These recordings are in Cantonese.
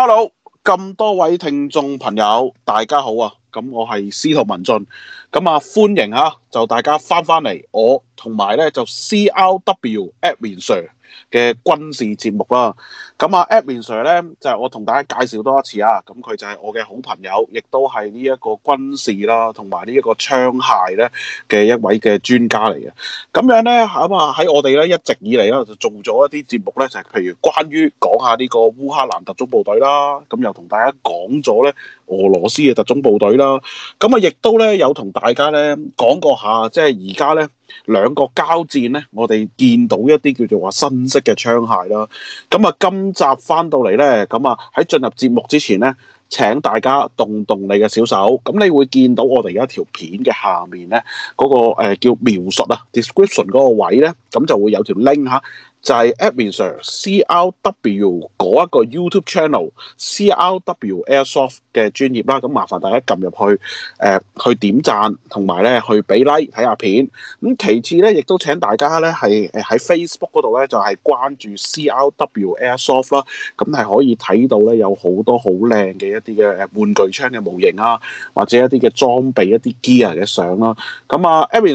Hello，咁多位聽眾朋友，大家好啊！咁我係司徒文進，咁啊歡迎啊就大家翻翻嚟我同埋咧就 CRW Edwin Sir 嘅軍事節目啦，咁啊 Edwin Sir 咧就係我同大家介紹多一次啊，咁佢就係我嘅好朋友，亦都係呢一個軍事啦，同埋呢一個槍械咧嘅一位嘅專家嚟嘅，咁樣咧咁啊喺我哋咧一直以嚟咧就做咗一啲節目咧就係譬如關於講下呢個烏克蘭特種部隊啦，咁又同大家講咗咧。俄羅斯嘅特種部隊啦，咁啊，亦都咧有同大家咧講過下，即係而家咧兩個交戰咧，我哋見到一啲叫做話新式嘅槍械啦。咁啊，今集返到嚟咧，咁啊喺進入節目之前咧，請大家動動你嘅小手，咁你會見到我哋有一條片嘅下面咧嗰個誒叫描述啊 description 嗰個位咧，咁就會有條 link 嚇。就係 Edwin C R W 嗰一個 YouTube channel C R W Airsoft 嘅專頁啦，咁麻煩大家撳入去，誒、呃、去點讚，同埋咧去俾 like 睇下片。咁其次咧，亦都請大家咧係喺 Facebook 嗰度咧就係、是、關注 C R W Airsoft 啦，咁係可以睇到咧有好多好靚嘅一啲嘅玩具槍嘅模型啊，或者一啲嘅裝備一啲 gear 嘅相啦、啊。咁啊 Edwin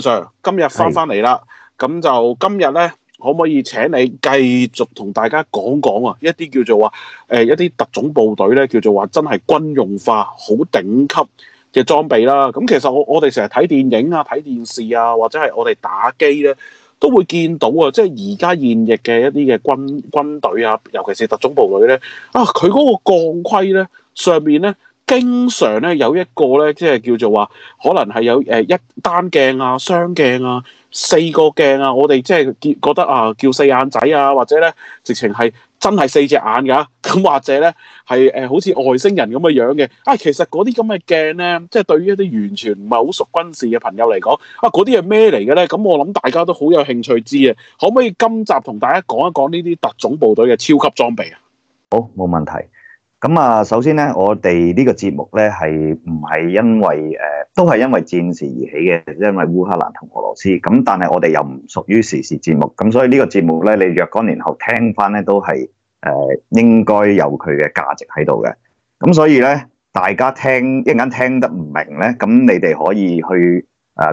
今日翻返嚟啦，咁就今日咧。可唔可以請你繼續同大家講講啊？一啲叫做話誒一啲特種部隊咧，叫做話真係軍用化好頂級嘅裝備啦。咁、嗯、其實我我哋成日睇電影啊、睇電視啊，或者係我哋打機咧，都會見到啊。即係而家現役嘅一啲嘅軍軍隊啊，尤其是特種部隊咧啊，佢嗰個鋼盔咧上面咧，經常咧有一個咧，即係叫做話可能係有誒一單鏡啊、雙鏡啊。四個鏡啊！我哋即係見覺得啊，叫四眼仔啊，或者咧，直情係真係四隻眼噶、啊。咁或者咧，係、呃、好似外星人咁嘅樣嘅。啊，其實嗰啲咁嘅鏡咧，即係對於一啲完全唔係好熟軍事嘅朋友嚟講，啊，嗰啲係咩嚟嘅咧？咁我諗大家都好有興趣知啊。可唔可以今集同大家講一講呢啲特種部隊嘅超級裝備啊？好，冇問題。咁啊，首先咧，我哋呢個節目咧係唔係因為誒、呃、都係因為戰時而起嘅，因為烏克蘭同俄羅斯。咁但係我哋又唔屬於時事節目，咁所,、呃、所以呢個節目咧，你若干年後聽翻咧，都係誒應該有佢嘅價值喺度嘅。咁所以咧，大家聽一陣間聽得唔明咧，咁你哋可以去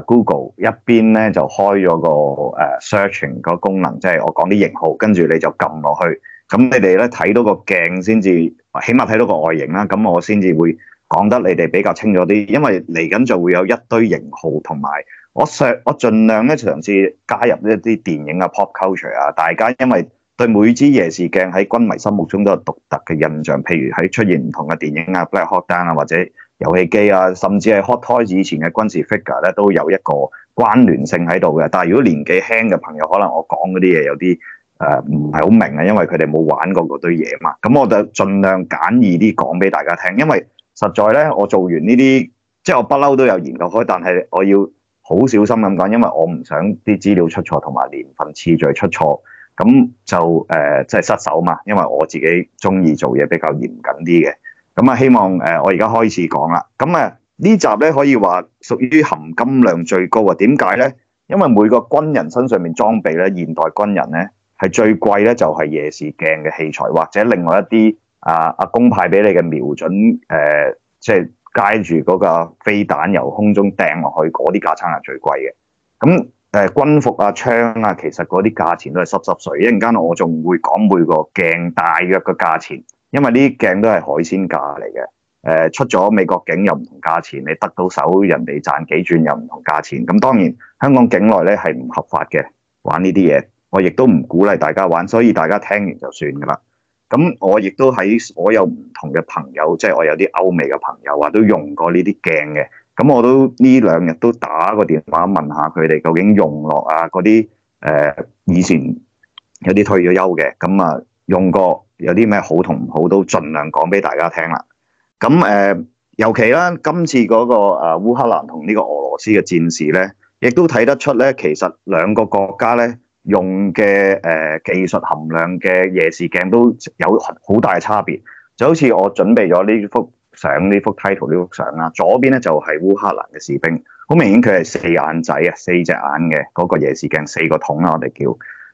Google 一邊咧就開咗個 searching 個功能，即係我講啲型號，跟住你就撳落去，咁你哋咧睇到個鏡先至。起碼睇到個外形啦，咁我先至會講得你哋比較清楚啲，因為嚟緊就會有一堆型號同埋我嘗我盡量咧嘗試加入一啲電影啊、pop culture 啊，大家因為對每支夜視鏡喺軍迷心目中都有獨特嘅印象，譬如喺出現唔同嘅電影啊、Black Hawk Down 啊或者遊戲機啊，甚至係 hot toys 以前嘅軍事 figure 咧，都有一個關聯性喺度嘅。但係如果年紀輕嘅朋友，可能我講嗰啲嘢有啲。誒唔係好明啊，因為佢哋冇玩過嗰堆嘢嘛。咁我就盡量簡易啲講俾大家聽，因為實在咧，我做完呢啲即係我不嬲都有研究開，但係我要好小心咁講，因為我唔想啲資料出錯同埋年份次序出錯。咁就誒即係失手嘛，因為我自己鍾意做嘢比較嚴謹啲嘅。咁、嗯、啊，希望、呃、我而家開始講啦。咁、嗯、啊呢集咧可以話屬於含金量最高啊。點解咧？因為每個軍人身上面裝備咧，現代軍人咧。係最貴咧，就係夜視鏡嘅器材，或者另外一啲啊，阿公派俾你嘅瞄準，誒、呃，即係街住嗰個飛彈由空中掟落去嗰啲架撐係最貴嘅。咁誒、呃、軍服啊、槍啊，其實嗰啲價錢都係濕濕碎。一陣間我仲會講每個鏡大約嘅價錢，因為呢啲鏡都係海鮮價嚟嘅。誒、呃、出咗美國境又唔同價錢，你得到手人哋賺幾轉又唔同價錢。咁當然香港境內咧係唔合法嘅玩呢啲嘢。我亦都唔鼓勵大家玩，所以大家聽完就算噶啦。咁我亦都喺所有唔同嘅朋友，即係我有啲歐美嘅朋友話都用過呢啲鏡嘅。咁我都呢兩日都打個電話問下佢哋究竟用落啊嗰啲誒以前有啲退咗休嘅，咁啊用過有啲咩好同唔好都盡量講俾大家聽啦。咁誒，尤其啦，今次嗰個誒烏克蘭同呢個俄羅斯嘅戰事咧，亦都睇得出咧，其實兩個國家咧。用嘅誒、呃、技術含量嘅夜視鏡都有好大的差別，就好似我準備咗呢幅相，呢幅 title 呢幅相啦。左邊咧就係烏克蘭嘅士兵，好明顯佢係四眼仔啊，四隻眼嘅嗰、那個夜視鏡，四個筒啦，我哋叫。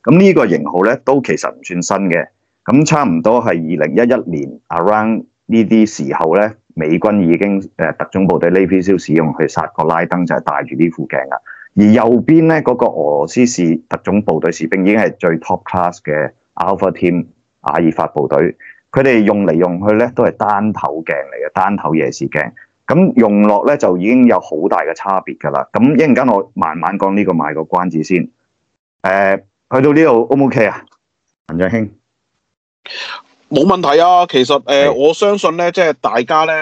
咁呢個型號咧都其實唔算新嘅，咁差唔多係二零一一年 around 呢啲時候咧，美軍已經誒、呃、特種部隊呢 a v 使用去殺個拉登就係、是、戴住呢副鏡噶。而右邊咧嗰、那個俄羅斯是特種部隊士兵，已經係最 top class 嘅 Alpha Team、亞爾法部隊，佢哋用嚟用去咧都係單頭鏡嚟嘅單頭夜視鏡，咁用落咧就已經有好大嘅差別㗎啦。咁一陣間我慢慢講呢、這個賣個關子先。誒、呃，去到呢度 O 唔 OK 啊？文進兄，冇問題啊。其實誒，呃、是我相信咧，即、就、係、是、大家咧，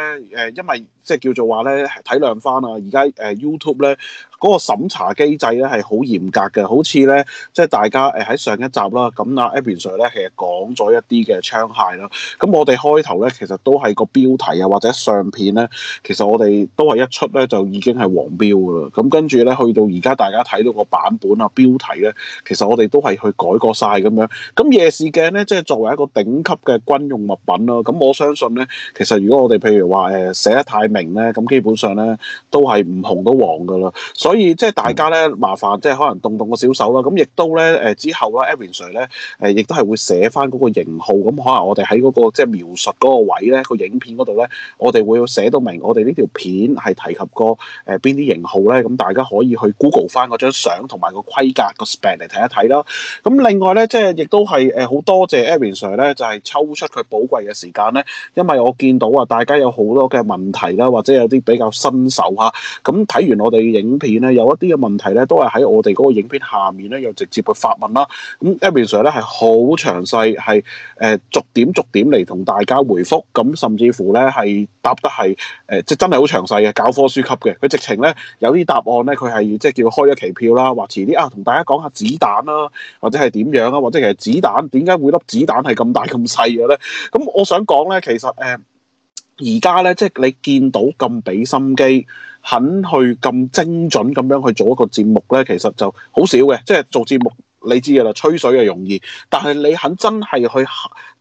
誒，因為。即係叫做話咧，體諒翻啊！而家、呃、YouTube 咧嗰、那個審查機制咧係好嚴格嘅，好似咧即係大家喺、呃、上一集啦，咁阿 a b a n 上咧其實講咗一啲嘅槍械啦。咁我哋開頭咧其實都係個標題啊，或者相片咧，其實我哋都係一出咧就已經係黃標㗎啦。咁跟住咧去到而家大家睇到個版本啊標題咧，其實我哋都係去改過晒咁樣。咁夜視鏡咧，即係作為一個頂級嘅軍用物品啦、啊。咁我相信咧，其實如果我哋譬如話誒、呃、寫得太，明咧，咁基本上咧都係唔紅到黃噶啦，所以即係大家咧麻煩，即係可能動動個小手啦。咁亦都咧誒，之後 e a a n Sir 咧亦都係會寫翻嗰個型號。咁可能我哋喺嗰個即係描述嗰個位咧，那個影片嗰度咧，我哋會寫到明我哋呢條片係提及個誒邊啲型號咧。咁大家可以去 Google 翻嗰張相同埋個規格、那個 spec 嚟睇一睇啦。咁另外咧，即係亦都係好多謝 a a n Sir 咧，就係、是、抽出佢寶貴嘅時間咧，因為我見到啊，大家有好多嘅問題或者有啲比較新手啊，咁睇完我哋影片咧，有一啲嘅問題咧，都係喺我哋嗰個影片下面咧，又直接去發問啦。咁 Edwin Sir 咧，係好詳細，係誒、呃、逐點逐點嚟同大家回覆，咁甚至乎咧係答得係誒，即、呃、真係好詳細嘅教科書級嘅。佢直情咧有啲答案咧，佢係即係叫開咗期票啦，或遲啲啊，同大家講下子彈啦，或者係點樣啊，或者其實子彈點解會粒子彈係咁大咁細嘅咧？咁我想講咧，其實誒。呃而家咧，即係你見到咁俾心機，肯去咁精準咁樣去做一個節目咧，其實就好少嘅，即係做節目。你知嘅啦，吹水啊，容易，但係你肯真係去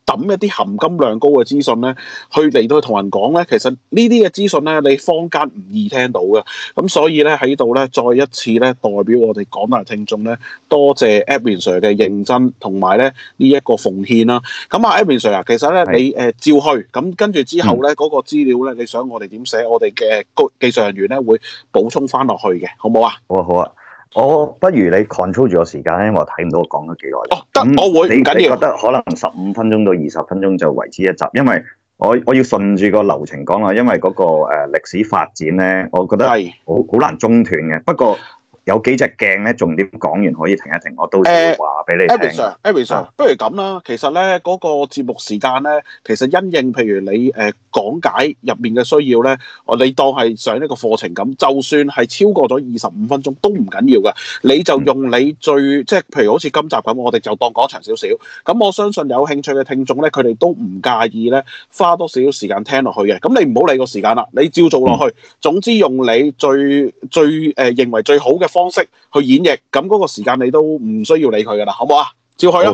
抌一啲含金量高嘅資訊咧，去嚟到去同人講咧，其實呢啲嘅資訊咧，你坊間唔易聽到嘅，咁所以咧喺度咧，再一次咧，代表我哋廣大聽眾咧，多謝 Edwin Sir 嘅認真同埋咧呢一、這個奉獻啦。咁啊 Edwin 啊，Sir，其實咧是你誒、呃、照去，咁跟住之後咧嗰、嗯、個資料咧，你想我哋點寫，我哋嘅技術人員咧會補充翻落去嘅，好唔好？好啊。好啊，好啊。我不如你 control 住個時間，因為我睇唔到我講咗幾耐。得、哦，嗯、我會。你你覺得可能十五分鐘到二十分鐘就為之一集，因為我我要順住個流程講啦，因為嗰個、呃、歷史發展呢，我覺得係好好難中斷嘅。不過。有幾隻鏡咧？重點講完可以停一停，我都話俾你聽。Edwin、Edwin，不如咁啦。其實咧嗰、那個節目時間咧，其實因應譬如你誒、呃、講解入面嘅需要咧，我你當係上一個課程咁，就算係超過咗二十五分鐘都唔緊要嘅。你就用你最即係、嗯、譬如好似今集咁，我哋就當講長少少。咁我相信有興趣嘅聽眾咧，佢哋都唔介意咧花多少少時間聽落去嘅。咁你唔好理個時間啦，你照做落去。嗯、總之用你最最誒、呃、認為最好嘅方式去演繹，咁嗰個時間你都唔需要理佢噶啦，好唔好啊？照開咯，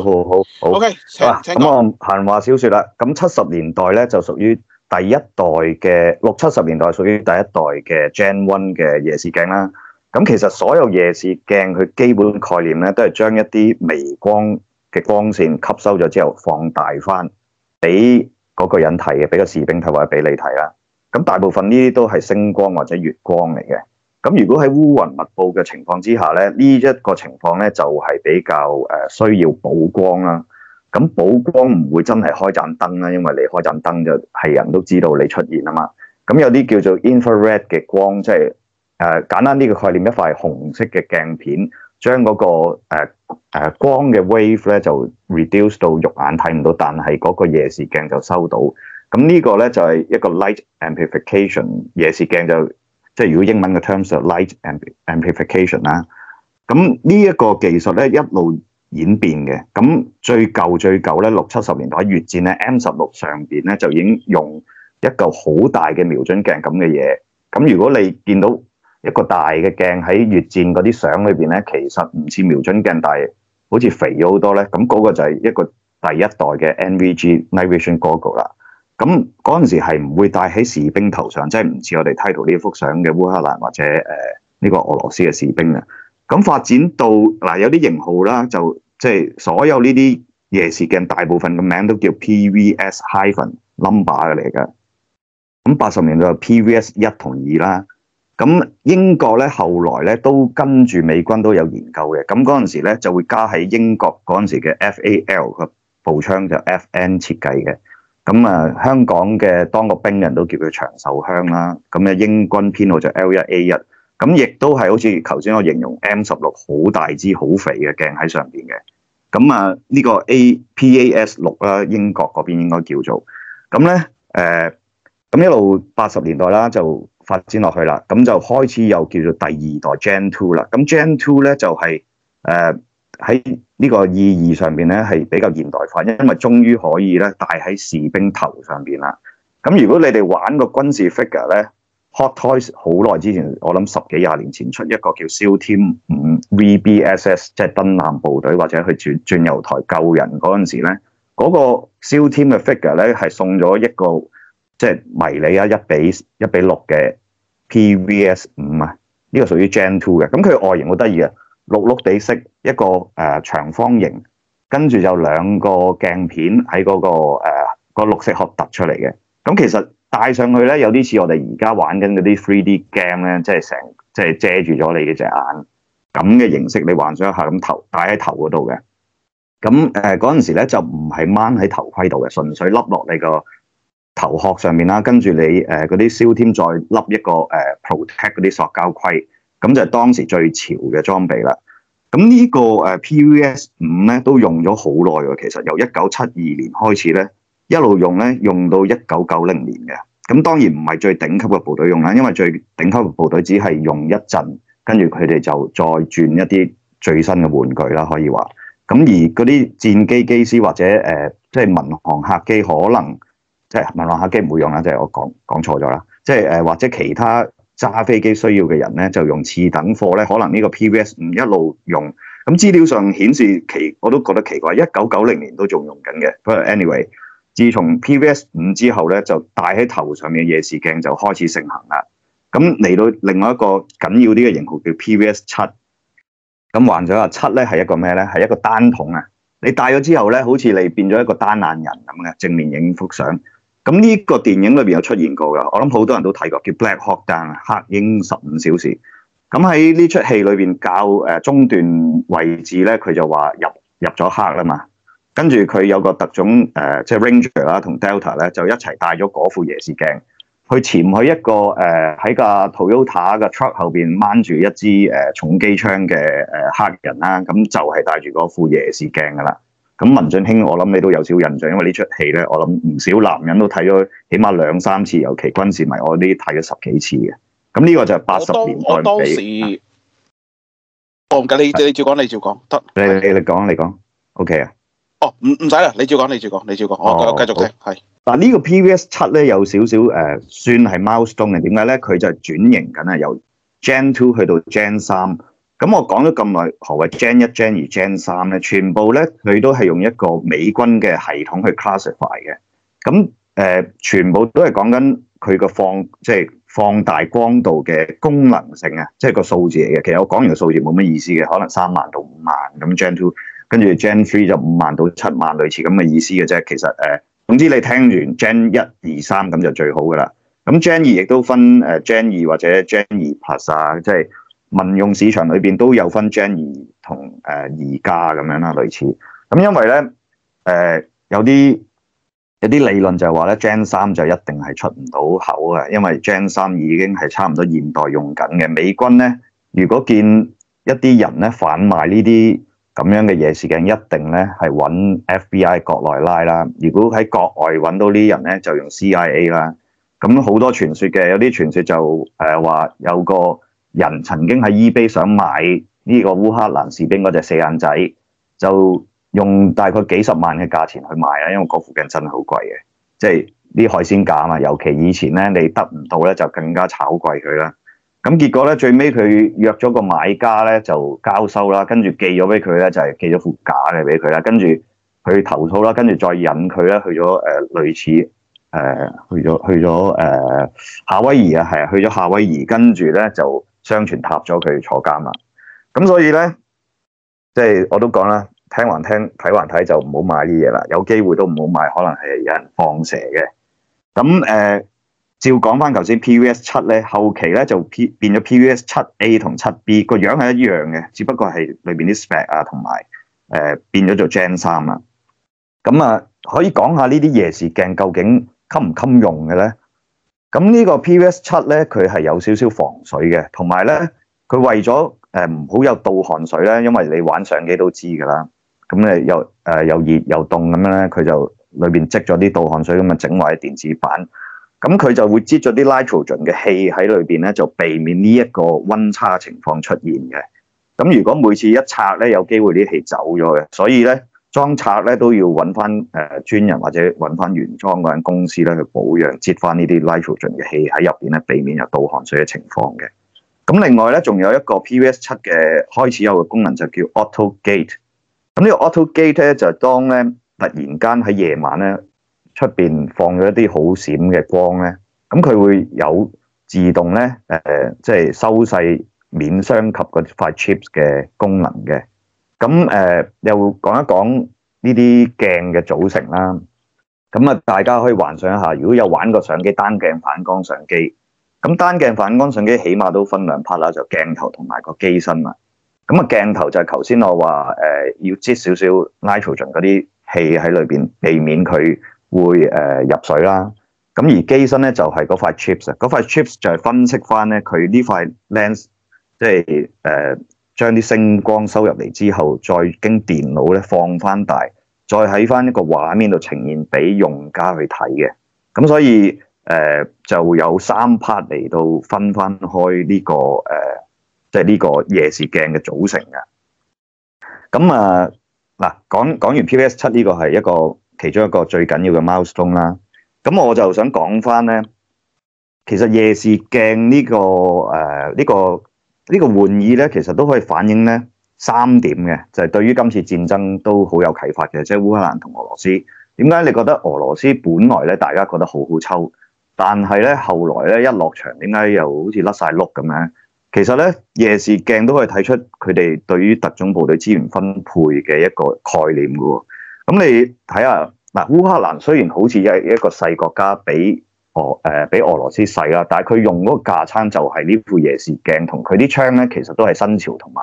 好好 OK。咁我閒話少説啦，咁七十年代咧就屬於第一代嘅，六七十年代屬於第一代嘅 Gen One 嘅夜視鏡啦。咁其實所有夜視鏡佢基本概念咧都係將一啲微光嘅光線吸收咗之後放大翻俾嗰個人睇嘅，俾個士兵睇或者俾你睇啦。咁大部分呢啲都係星光或者月光嚟嘅。咁如果喺烏雲密布嘅情況之下咧，呢、這、一個情況咧就係比較誒需要補光啦。咁補光唔會真係開盞燈啦，因為你開盞燈就係人都知道你出現啊嘛。咁有啲叫做 infrared 嘅光，即係誒、呃、簡單呢個概念，一塊紅色嘅鏡片，將嗰、那個誒、呃呃、光嘅 wave 咧就 reduce 到肉眼睇唔到，但係嗰個夜視鏡就收到。咁呢個咧就係、是、一個 light amplification，夜視鏡就。即係如果英文嘅 terms of light amplification 啦，咁呢一個技術咧一路演變嘅，咁最舊最舊咧六七十年代越戰咧 M 十六上邊咧就已經用一嚿好大嘅瞄準鏡咁嘅嘢，咁如果你見到一個大嘅鏡喺越戰嗰啲相裏邊咧，其實唔似瞄準鏡，但係好似肥咗好多咧，咁、那、嗰個就係一個第一代嘅 NVG Night Vision Goggles 啦。咁嗰陣時係唔會戴喺士兵頭上，即係唔似我哋 title 呢幅相嘅烏克蘭或者呢、呃呢個俄羅斯嘅士兵啊。咁發展到嗱、啊、有啲型號啦，就即係、就係、所有呢啲夜視鏡大部分嘅名都叫 PVS hyphen number 嘅嚟噶。咁八十年代有 PVS 一同二啦。咁英國咧後來咧都跟住美軍都有研究嘅。咁嗰陣時咧就會加喺英國嗰陣時嘅 FAL 嘅步槍就 FN 設計嘅。咁啊、嗯，香港嘅當過兵人都叫佢長壽鄉啦。咁、嗯、咧英軍編號就是 L 一 A 一、嗯，咁亦都係好似頭先我形容 M 十六好大支好肥嘅鏡喺上邊嘅。咁啊呢個 A P A S 六啦，英國嗰邊應該叫做。咁咧誒，咁、呃嗯、一路八十年代啦就發展落去啦，咁、嗯、就開始又叫做第二代 Gen Two 啦。咁、嗯、Gen Two 咧就係、是、誒。呃喺呢個意義上面咧，係比較現代化，因為終於可以咧戴喺士兵頭上邊啦。咁如果你哋玩個軍事 figure 咧，Hot Toys 好耐之前，我諗十幾廿年前出一個叫 SEAL team 五 VBSS，即係登艦部隊或者去轉轉油台救人嗰陣時咧，嗰、那個 SEAL team 嘅 figure 咧係送咗一個即係、就是、迷你啊一比一比六嘅 PVS 五啊，呢個屬於 Gen Two 嘅，咁佢外形好得意啊！綠綠地色一個誒、呃、長方形，跟住有兩個鏡片喺嗰、那個誒個、呃、綠色殼突出嚟嘅。咁其實戴上去咧，有啲似我哋而家玩緊嗰啲 three D game 咧，即係成即係遮住咗你嘅隻眼咁嘅形式，你幻想一下咁頭戴喺頭嗰度嘅。咁誒嗰陣時咧就唔係掹喺頭盔度嘅，純粹笠落你個頭殼上面啦。跟住你誒嗰啲燒添再笠一個誒、呃、protect 嗰啲塑膠盔。咁就係當時最潮嘅裝備啦。咁呢個呃 P V S 五咧都用咗好耐嘅，其實由一九七二年開始咧，一路用咧用到一九九零年嘅。咁當然唔係最頂級嘅部隊用啦，因為最頂級嘅部隊只係用一陣，跟住佢哋就再轉一啲最新嘅玩具啦，可以話。咁而嗰啲戰機機師或者呃，即係民航客機可能，即係民航客機唔會用啦，即係我講講錯咗啦，即係呃或者其他。揸飛機需要嘅人咧，就用次等貨咧，可能呢個 PVS 五一路用。咁資料上顯示奇，我都覺得奇怪，一九九零年都仲用緊嘅。不過 anyway，自從 PVS 五之後咧，就戴喺頭上面嘅夜視鏡就開始盛行啦。咁嚟到另外一個緊要啲嘅型號叫 PVS 七，咁換咗啊七咧係一個咩咧？係一個單筒啊！你戴咗之後咧，好似你變咗一個單眼人咁嘅，正面影幅相。咁呢個電影裏面有出現過㗎。我諗好多人都睇過，叫《Black Hawk Down》黑鷹十五小時。咁喺呢出戲裏面較、呃、中段位置咧，佢就話入入咗黑啦嘛。跟住佢有個特種、呃、即係 Ranger 啦、啊、同 Delta 咧、啊，就一齊戴咗嗰副夜視鏡，去潛去一個誒喺、呃、架 Toyota 嘅 truck 後面，掹住一支、呃、重機槍嘅、呃、黑人啦、啊。咁就係戴住嗰副夜視鏡噶啦。咁文俊卿，我諗你都有少印象，因為戲呢出戲咧，我諗唔少男人都睇咗，起碼兩三次，尤其軍事迷，我啲睇咗十幾次嘅。咁呢個就係八十年代我。我當時，我唔緊你，你照講，你照講，得你的你你講，你講，OK 啊？哦，唔唔使啦，你照講，你照講，你照講，哦、我繼續聽。係嗱的的呢個 PVS 七咧有少少誒、呃，算係 milestone 嘅，點解咧？佢就係轉型緊係，由 Gen Two 去到 Gen 三。咁我講咗咁耐，何謂 Gen 一、Gen 二、Gen 三咧？全部咧佢都係用一個美軍嘅系統去 classify 嘅。咁、呃、全部都係講緊佢個放即係、就是、放大光度嘅功能性啊，即、就、係、是、個數字嚟嘅。其實我講完個數字冇乜意思嘅，可能三萬到五萬咁 Gen two，跟住 Gen three 就五萬到七萬類似咁嘅意思嘅啫。其實誒、呃，總之你聽完 Gen 一、二、三咁就最好噶啦。咁 Gen 二亦都分 Gen 二或者 Gen 二 Plus 啊，即係。民用市場裏邊都有分 Gen 二同誒二加咁樣啦，類似。咁因為咧誒有啲有啲理論就係話咧 Gen 三就一定係出唔到口嘅，因為 Gen 三已經係差唔多現代用緊嘅。美軍咧，如果見一啲人咧販賣呢啲咁樣嘅嘢，夜視鏡，一定咧係揾 FBI 國內拉啦。如果喺國外揾到啲人咧，就用 CIA 啦。咁好多傳說嘅，有啲傳說就誒話、呃、有個。人曾經喺 eBay 想買呢個烏克蘭士兵嗰隻四眼仔，就用大概幾十萬嘅價錢去買啦，因為個附近真係好貴嘅，即係啲海鮮價啊嘛。尤其以前咧，你得唔到咧就更加炒貴佢啦。咁結果咧，最尾佢約咗個買家咧就交收啦，跟住寄咗俾佢咧就係、是、寄咗副假嘅俾佢啦。跟住佢投訴啦，跟住再引佢咧去咗誒、呃、類似誒、呃、去咗去咗誒、呃、夏威夷啊，係啊，去咗夏威夷，跟住咧就。相傳塔咗佢坐監啦，咁所以咧，即係我都講啦，聽還聽，睇還睇就唔好買啲嘢啦，有機會都唔好買，可能係有人放蛇嘅。咁誒、呃，照講翻頭先 PVS 七咧，後期咧就 P 變咗 PVS 七 A 同七 B 個樣係一樣嘅，只不過係裏邊啲 spec 啊同埋誒變咗做 Gen 三啦。咁啊、呃，可以講下呢啲夜視鏡究竟襟唔襟用嘅咧？咁呢個 PVS-7 咧，佢係有少少防水嘅，同埋咧，佢為咗誒唔好有導汗水咧，因為你玩相機都知㗎啦。咁咧又誒、呃、又熱又凍咁樣咧，佢就裏面積咗啲導汗水咁啊，整壞啲電子板。咁佢就會擠咗啲 nitrogen 嘅氣喺裏面咧，就避免呢一個溫差情況出現嘅。咁如果每次一拆咧，有機會啲氣走咗嘅，所以咧。裝拆咧都要揾翻誒專人或者揾翻原裝嗰間公司咧去保養，接翻呢啲 nitrogen 嘅氣，喺入面咧，避免有倒汗水嘅情況嘅。咁另外咧，仲有一個 PVS 七嘅開始有個功能就叫 auto gate。咁呢個 auto gate 咧就係當咧突然間喺夜晚咧出面放咗一啲好閃嘅光咧，咁佢會有自動咧誒，即係收細免傷及個塊 chips 嘅功能嘅。咁誒、呃、又講一講呢啲鏡嘅組成啦。咁啊，大家可以幻想一下，如果有玩過相機單鏡反光相機，咁單鏡反光相機起碼都分兩 part 啦，就鏡頭同埋個機身啦。咁啊，鏡頭就係頭先我話、呃、要擠少少 nitrogen 嗰啲氣喺裏面，避免佢會、呃、入水啦。咁而機身咧就係、是、嗰塊 chips，嗰塊 chips 就係分析翻咧佢呢塊 lens，即係誒。就是呃將啲星光收入嚟之後，再經電腦咧放翻大，再喺翻一個畫面度呈現俾用家去睇嘅。咁所以誒、呃，就有三 part 嚟到分翻開呢、呢個誒，即係呢個夜視鏡嘅組成嘅。咁啊嗱，講講完 PVS-7 呢個係一個其中一個最緊要嘅 milestone 啦。咁我就想講翻咧，其實夜視鏡呢個誒呢個。呃呢個呢個玩意咧，其實都可以反映咧三點嘅，就係對於今次戰爭都好有啟發嘅，即係烏克蘭同俄羅斯。點解你覺得俄羅斯本來咧，大家覺得好好抽，但係咧後來咧一落場，點解又好似甩晒碌咁樣？其實咧夜視鏡都可以睇出佢哋對於特種部隊資源分配嘅一個概念嘅喎。咁你睇下嗱，烏克蘭雖然好似一一個細國家，比哦，誒、呃，比俄羅斯細啦，但係佢用嗰個架撐就係呢副夜視鏡，同佢啲槍咧，其實都係新潮，同埋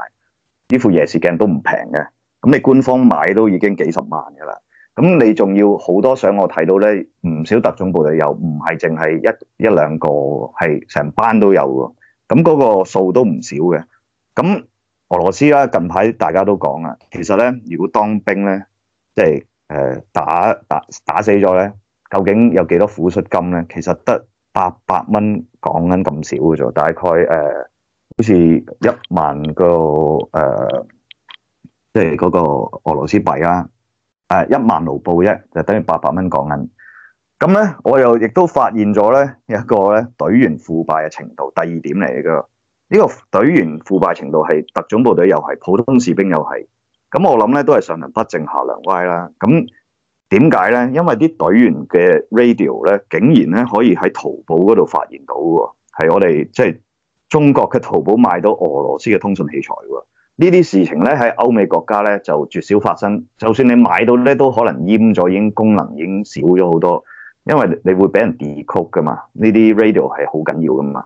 呢副夜視鏡都唔平嘅。咁你官方買都已經幾十萬噶啦，咁你仲要好多相，我睇到咧，唔少特種部隊有，唔係淨係一、一兩個，係成班都有噶。咁嗰個數都唔少嘅。咁俄羅斯啦，近排大家都講啦，其實咧，如果當兵咧，即係誒、呃，打打打死咗咧。究竟有幾多撫恤金咧？其實得八百蚊港銀咁少嘅啫，大概、呃、好似一萬個誒，即係嗰個俄羅斯幣啦、啊，一、呃、萬盧布啫，就等於八百蚊港銀。咁、嗯、咧，我又亦都發現咗咧一個咧隊員腐敗嘅程度，第二點嚟嘅。呢、這個隊員腐敗程度係特種部隊又係普通士兵又係，咁、嗯、我諗咧都係上梁不正下梁歪啦。咁、嗯點解咧？因為啲隊員嘅 radio 咧，竟然咧可以喺淘寶嗰度發現到喎，係我哋即係中國嘅淘寶買到俄羅斯嘅通訊器材喎。呢啲事情咧喺歐美國家咧就絕少發生，就算你買到咧都可能閹咗，已經功能已經少咗好多，因為你會俾人 decode 噶嘛。嘛呢啲 radio 係好緊要噶嘛。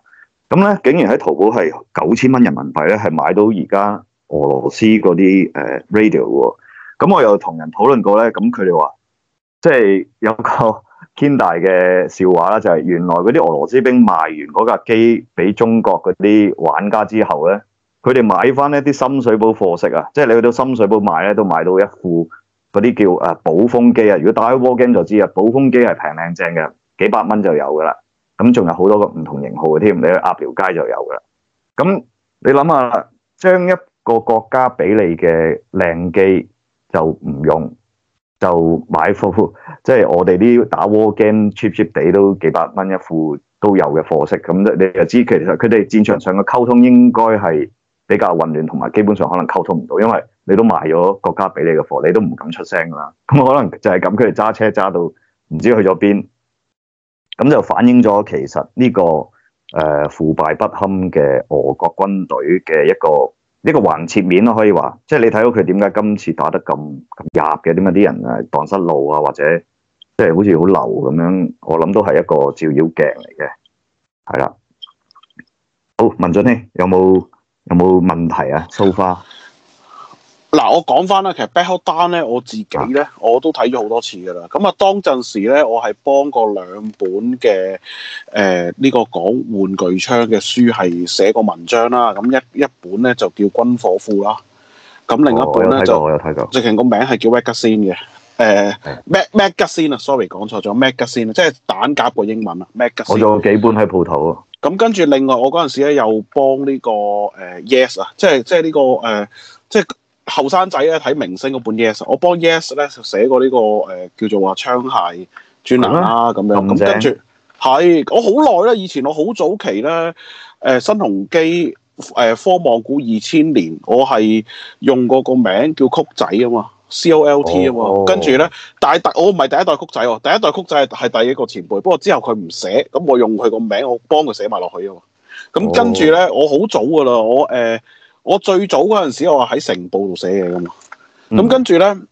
咁咧竟然喺淘寶係九千蚊人民幣咧係買到而家俄羅斯嗰啲 radio 喎。咁我又同人討論過咧，咁佢哋話。即係有個堅大嘅笑話啦，就係、是、原來嗰啲俄羅斯兵賣完嗰架機俾中國嗰啲玩家之後咧，佢哋買翻呢啲深水埗貨色啊！即係你去到深水埗買咧，都買到一副嗰啲叫啊保風機啊。如果打開 War Game 就知啊，保風機係平靚正嘅，幾百蚊就有噶啦。咁仲有好多個唔同型號嘅添，你去鴨寮街就有噶啦。咁你諗下，將一個國家俾你嘅靚機就唔用，就買貨，即、就、係、是、我哋啲打 war game cheap cheap 哋都幾百蚊一副都有嘅貨色，咁你又知其實佢哋戰場上嘅溝通應該係比較混亂，同埋基本上可能溝通唔到，因為你都賣咗國家俾你嘅貨，你都唔敢出聲啦。咁可能就係咁，佢哋揸車揸到唔知去咗邊，咁就反映咗其實呢、這個誒、呃、腐敗不堪嘅俄國軍隊嘅一個。呢個橫切面咯，可以話，即係你睇到佢點解今次打得咁咁入嘅？點解啲人誒蕩失路啊，或者即係好似好流咁樣？我諗都係一個照妖鏡嚟嘅，係啦。好，文進呢有冇有冇問題啊？a 花。So far? 嗱，我講翻啦，其實《Battle Down》咧，我自己咧我都睇咗好多次噶啦。咁啊，當陣時咧，我係幫過兩本嘅誒呢個講玩具槍嘅書係寫過文章啦。咁一一本咧就叫《軍火庫》啦。咁另一本咧就我有睇過，直情個名係叫《Magazine》嘅。誒、呃、的，Magazine 啊，sorry 講錯咗，Magazine 即係蛋夾個英文啊。Magazine。我有幾本喺鋪頭啊。咁跟住另外我嗰陣時咧又幫呢、這個誒、呃、Yes 啊，即係即係呢、這個誒、呃、即係後生仔咧睇明星嗰本 yes，我幫 yes 咧就寫過呢、這個誒、呃、叫做話槍械專欄啦咁、啊、樣，咁正跟住係我好耐咧，以前我好早期咧誒、呃、新鴻基誒、呃、科網股二千年，我係用過個名叫曲仔啊嘛，C O L T 啊嘛，哦、跟住咧，哦、但係我唔係第一代曲仔喎，第一代曲仔係第一個前輩，不過之後佢唔寫，咁我用佢個名，我幫佢寫埋落去啊嘛，咁跟住咧我好早噶啦，我誒。我最早嗰陣時候我在的，我話喺《城報》度寫嘢㗎嘛，咁跟住呢。嗯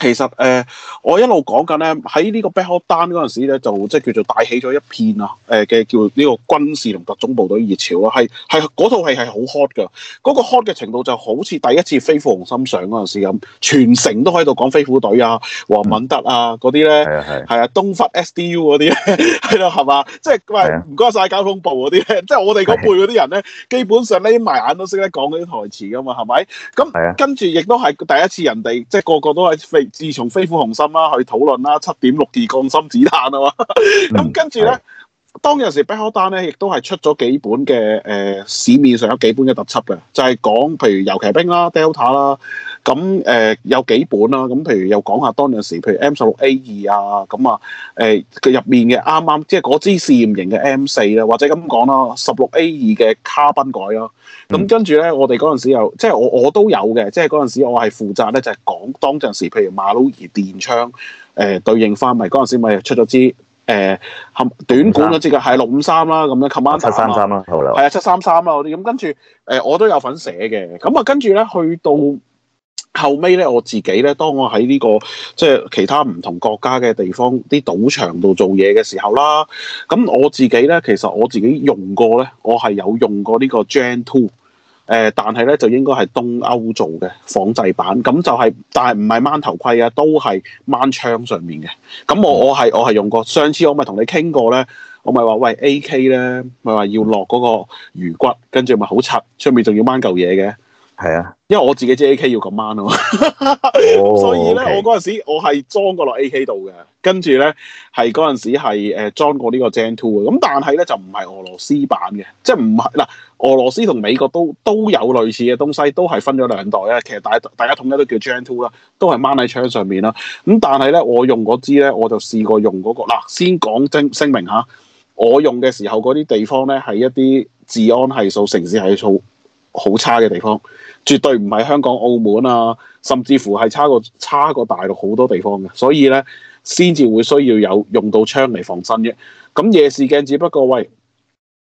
其實誒、呃，我一路講緊咧，喺呢個 backup 單嗰陣時咧，就即係叫做帶起咗一片啊，誒、呃、嘅叫呢個軍事同特種部隊熱潮啊，係係嗰套戲係好 hot 嘅，嗰、那個 hot 嘅程度就好似第一次飛虎雄心上嗰陣時咁，全程都喺度講飛虎隊啊，話敏德啊嗰啲咧，係、嗯、啊係，係、啊啊、東突 SDU 嗰啲，係咯係嘛，即係唔該晒交通部嗰啲咧，啊、 即係我哋嗰輩嗰啲人咧，基本上匿埋眼都識得講嗰啲台詞噶嘛，係咪？咁、啊、跟住亦都係第一次人哋即係個個都係自從飛虎雄心啦，去討論啦七點六二鋼心子彈啊嘛、嗯，咁 跟住咧呢，是的 當有時 Blackout 咧亦都係出咗幾本嘅誒、呃、市面上有幾本嘅特輯嘅，就係、是、講譬如遊騎兵啦、Delta 啦。咁誒、呃、有幾本啦、啊？咁譬如又講一下當陣時，譬如 M 十六 A 二啊，咁啊誒佢入面嘅啱啱即係嗰支試驗型嘅 M 四啦、啊，或者咁講啦，十六 A 二嘅卡賓改咯、啊。咁跟住咧，我哋嗰陣時又即係我我都有嘅，即係嗰陣時我係負責咧，就係、是、講當陣時，譬如馬努爾電槍誒、呃、對應翻咪嗰陣時咪出咗支誒含、呃、短管嗰支嘅係六五三啦，咁琴晚七三三啦、啊，係啊七三三啦嗰啲。咁跟住誒、呃、我都有份寫嘅。咁啊跟住咧去到。後尾咧，我自己咧，當我喺呢、這個即係其他唔同國家嘅地方啲賭場度做嘢嘅時候啦，咁我自己咧，其實我自己用過咧，我係有用過呢個 Gen Two、呃、但係咧就應該係東歐做嘅仿製版，咁就係、是，但係唔係掹頭盔啊，都係掹槍上面嘅。咁我我係我係用過，上次我咪同你傾過咧，我咪話喂 AK 咧，咪話要落嗰個魚骨，跟住咪好拆，出面仲要掹嚿嘢嘅，係啊。因為我自己知 A.K. 要咁掹啊嘛， oh, okay. 所以咧我嗰陣時我係裝過落 A.K. 度嘅，跟住咧係嗰陣時係誒裝過個呢個 Gen Two 嘅，咁但係咧就唔係俄羅斯版嘅，即係唔係嗱俄羅斯同美國都都有類似嘅東西，都係分咗兩代啊。其實大大家統一都叫 Gen Two 啦，都係掹喺槍上面啦。咁但係咧我用嗰支咧，我就試過用嗰、嗰個嗱，先講聲明吓，我用嘅時候嗰啲地方咧係一啲治安係數、城市係數。好差嘅地方，絕對唔係香港、澳門啊，甚至乎係差過差過大陸好多地方嘅，所以咧先至會需要有用到槍嚟防身嘅。咁夜視鏡只不過喂，誒、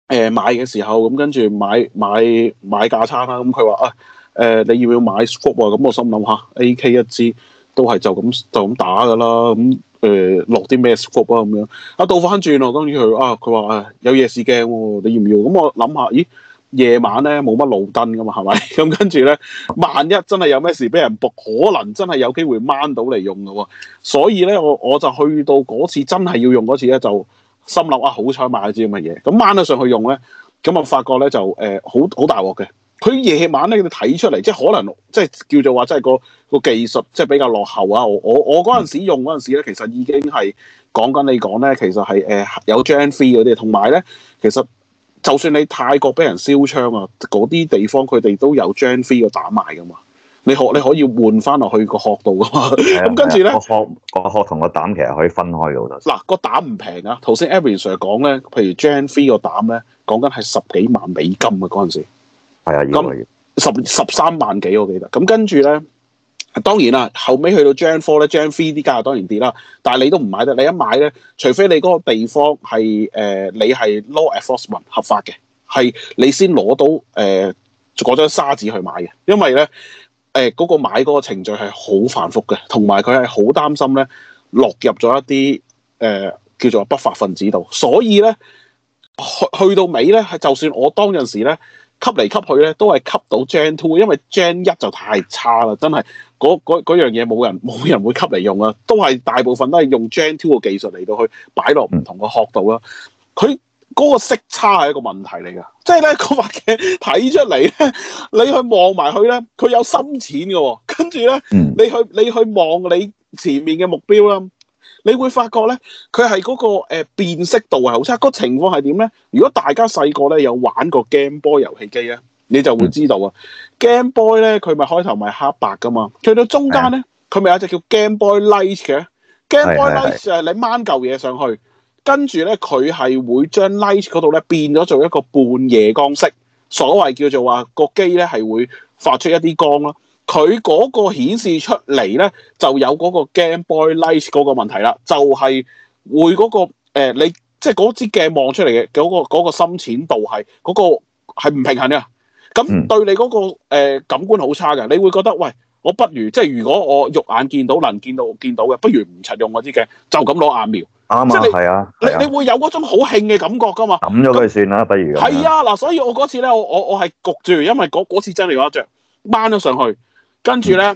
呃、買嘅時候咁跟住買買買架餐啦。咁佢話啊誒、呃，你要唔要買 scope 啊？咁我心諗下 AK 一支都係就咁就咁打㗎啦。咁誒落啲咩 scope 啊？咁樣啊倒翻轉啊，當然佢啊佢話有夜視鏡、哦，你要唔要？咁、嗯、我諗下，咦？夜晚咧冇乜路燈噶嘛，係咪？咁跟住咧，萬一真係有咩事俾人僕，可能真係有機會掹到嚟用㗎喎、哦。所以咧，我我就去到嗰次真係要用嗰次咧，就心諗啊，好彩買咗啲咁嘅嘢，咁掹咗上去用咧，咁、嗯、我發覺咧就誒好好大鑊嘅。佢、呃、夜晚咧你睇出嚟，即係可能即係叫做話，即係個個技術即係比較落後啊。我我我嗰陣時用嗰陣時咧，其實已經係講緊你講咧，其實係、呃、有 Gen Three 嗰啲，同埋咧其實。就算你泰國俾人燒槍啊，嗰啲地方佢哋都有 Gen 3個膽賣噶嘛，你可你可以換翻落去個殼度噶嘛，咁 跟住咧個殼同個膽其實可以分開到嗱，個膽唔平啊，頭先 Edwin Sir 講咧，譬如 Gen 3個膽咧，講緊係十幾萬美金啊嗰陣時，係啊，咁那十十三萬幾我記得，咁跟住咧。啊，當然啦，後尾去到 Gen Four 咧，Gen Three 啲價當然跌啦，但係你都唔買得，你一買咧，除非你嗰個地方係誒、呃，你係 law enforcement 合法嘅，係你先攞到誒嗰張沙紙去買嘅，因為咧誒嗰個買嗰個程序係好繁複嘅，同埋佢係好擔心咧落入咗一啲誒、呃、叫做不法分子度，所以咧去去到尾咧，就算我當陣時咧。吸嚟吸去咧，都係吸到 Gen Two，因為 Gen 一就太差啦，真係嗰樣嘢冇人冇人會吸嚟用啊，都係大部分都係用 Gen Two 嘅技術嚟到去擺落唔同個角度啦。佢嗰個色差係一個問題嚟噶，即係咧塊鏡睇出嚟咧，你去望埋佢咧，佢有深淺嘅，跟住咧，你去你去望你前面嘅目標啦。你會發覺咧，佢係嗰個誒、呃、辨識度係好差。嗰情況係點咧？如果大家細個咧有玩過 Game Boy 遊戲機咧，你就會知道啊。嗯、Game Boy 咧，佢咪開頭咪黑白噶嘛？去到中間咧，佢咪、嗯、有隻叫 Game Boy Light 嘅。Game Boy Light 就誒，light, 你掹嚿嘢上去，跟住咧佢係會將 Light 嗰度咧變咗做一個半夜光色。所謂叫做話、這個機咧係會發出一啲光啦。佢嗰個顯示出嚟咧，就有嗰個 Game Boy Light 嗰個問題啦，就係會嗰個呃，你即係嗰支鏡望出嚟嘅嗰個深淺度係嗰個係唔平衡呀。咁對你嗰個、呃、感官好差嘅，你會覺得喂，我不如即係如果我肉眼見到能見到見到嘅，不如唔使用我支鏡，就咁攞眼瞄，啱啊，係你啊，你啊你會有嗰種好興嘅感覺噶嘛，掟咗佢算啦，那不如係啊，嗱，所以我嗰次咧，我我我係焗住，因為嗰次真係一著掹咗上去。跟住咧，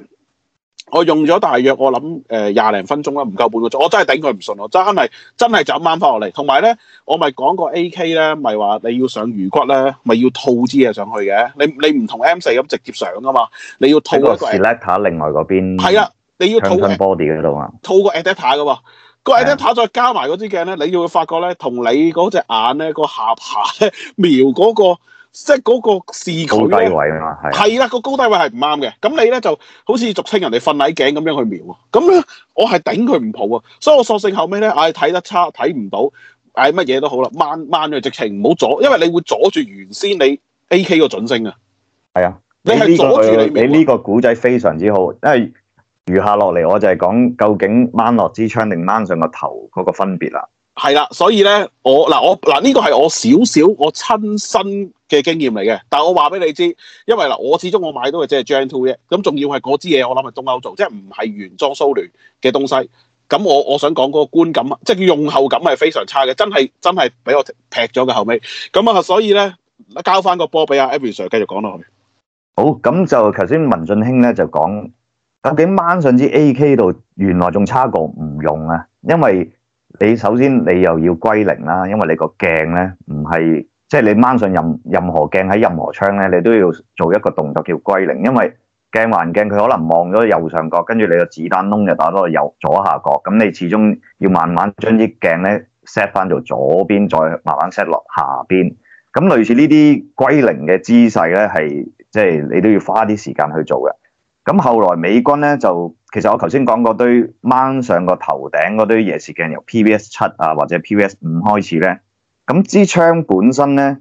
我用咗大約我諗誒廿零分鐘啦，唔夠半個鐘，我真係頂佢唔順咯，真係真係就掹返落嚟。同埋咧，我咪講過 A K 咧，咪話你要上魚骨咧，咪要套支嘢上去嘅。你你唔同 M 四咁直接上噶嘛。你要套一個，個 adapter 另外嗰邊。係啊，你要套槍身 body 噶啦嘛。套個 adapter 噶，是啊、個 adapter 再加埋嗰支鏡咧，你要發覺咧，同你嗰隻眼咧個下巴咧瞄嗰個。即係嗰個視距咧，係啦，個高低位係唔啱嘅。咁你咧就好似俗稱人哋瞓捩頸咁樣去瞄啊！咁咧，我係頂佢唔抱啊！所以我索性後尾咧，唉，睇得差，睇唔到，唉、哎，乜嘢都好啦，掹掹佢，直情唔好阻，因為你會阻住原先你 AK 個準星啊。係啊，你係、這個、阻住你。你呢個古仔非常之好，因為餘下落嚟我就係講究竟掹落支槍定掹上個頭嗰個分別啦。係啦，所以咧，這個、我嗱我嗱呢個係我少少我親身嘅經驗嚟嘅。但係我話俾你知，因為嗱，我始終我買到嘅只係 Gen 2啫。咁仲要係嗰支嘢，我諗係東歐做，即係唔係原裝蘇聯嘅東西。咁我我想講嗰個觀感，即係用後感係非常差嘅，真係真係俾我劈咗嘅後尾。咁啊，所以咧交翻個波俾阿 Abby Sir 繼續講落去。好，咁就頭先文進兄咧就講，究竟掹上支 AK 度原來仲差過唔用啊，因為。你首先你又要歸零啦，因為你個鏡咧唔係即係你掹上任任何鏡喺任何窗咧，你都要做一個動作叫歸零，因為鏡還鏡佢可能望咗右上角，跟住你個子彈窿就打咗右左下角，咁你始終要慢慢將啲鏡咧 set 翻做左邊，再慢慢 set 落下邊，咁類似呢啲歸零嘅姿勢咧係即係你都要花啲時間去做嘅。咁後來美軍咧就。其實我剛才過堆上頭先講嗰堆掹上個頭頂嗰堆夜視鏡，由 PVS 七啊或者 PVS 五開始咧。咁支槍本身咧，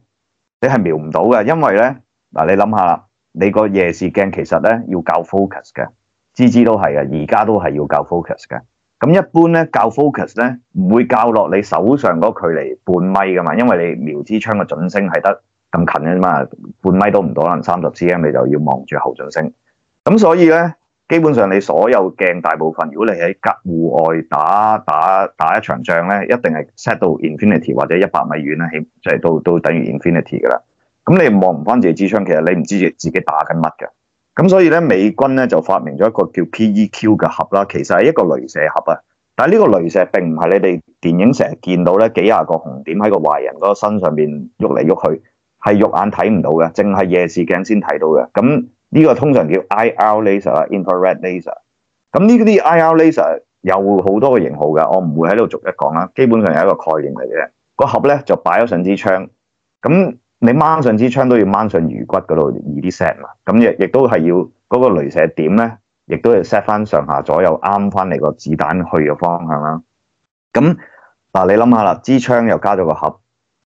你係瞄唔到嘅，因為咧嗱，你諗下，你個夜視鏡其實咧要較 focus 嘅，支支都係嘅，而家都係要較 focus 嘅。咁一般咧較 focus 咧唔會較落你手上嗰距離半米噶嘛，因為你瞄支槍嘅準星係得咁近啊嘛，半米都唔到可能三十 cm，你就要望住後準星。咁所以咧。基本上你所有鏡大部分，如果你喺格戶外打打打一場仗咧，一定係 set 到 infinity 或者一百米遠啦，起即係都都等於 infinity 噶啦。咁你望唔翻自己支槍，其實你唔知自己打緊乜嘅。咁所以咧，美軍咧就發明咗一個叫 PEQ 嘅盒啦，其實係一個雷射盒啊。但係呢個雷射並唔係你哋電影成日見到咧，幾廿個紅點喺個壞人個身上邊喐嚟喐去，係肉眼睇唔到嘅，淨係夜視鏡先睇到嘅。咁呢個通常叫 IR laser，infrared laser。咁呢啲 IR laser 有好多個型號㗎，我唔會喺度逐一講啦。基本上係一個概念嚟嘅。個盒咧就擺咗上支槍，咁你掹上支槍都要掹上魚骨嗰度，易啲 set 嘛。咁亦亦都係要嗰個雷射點咧，亦都要 set 翻上下左右啱翻嚟個子彈去嘅方向啦。咁嗱，你諗下啦，支槍又加咗個盒，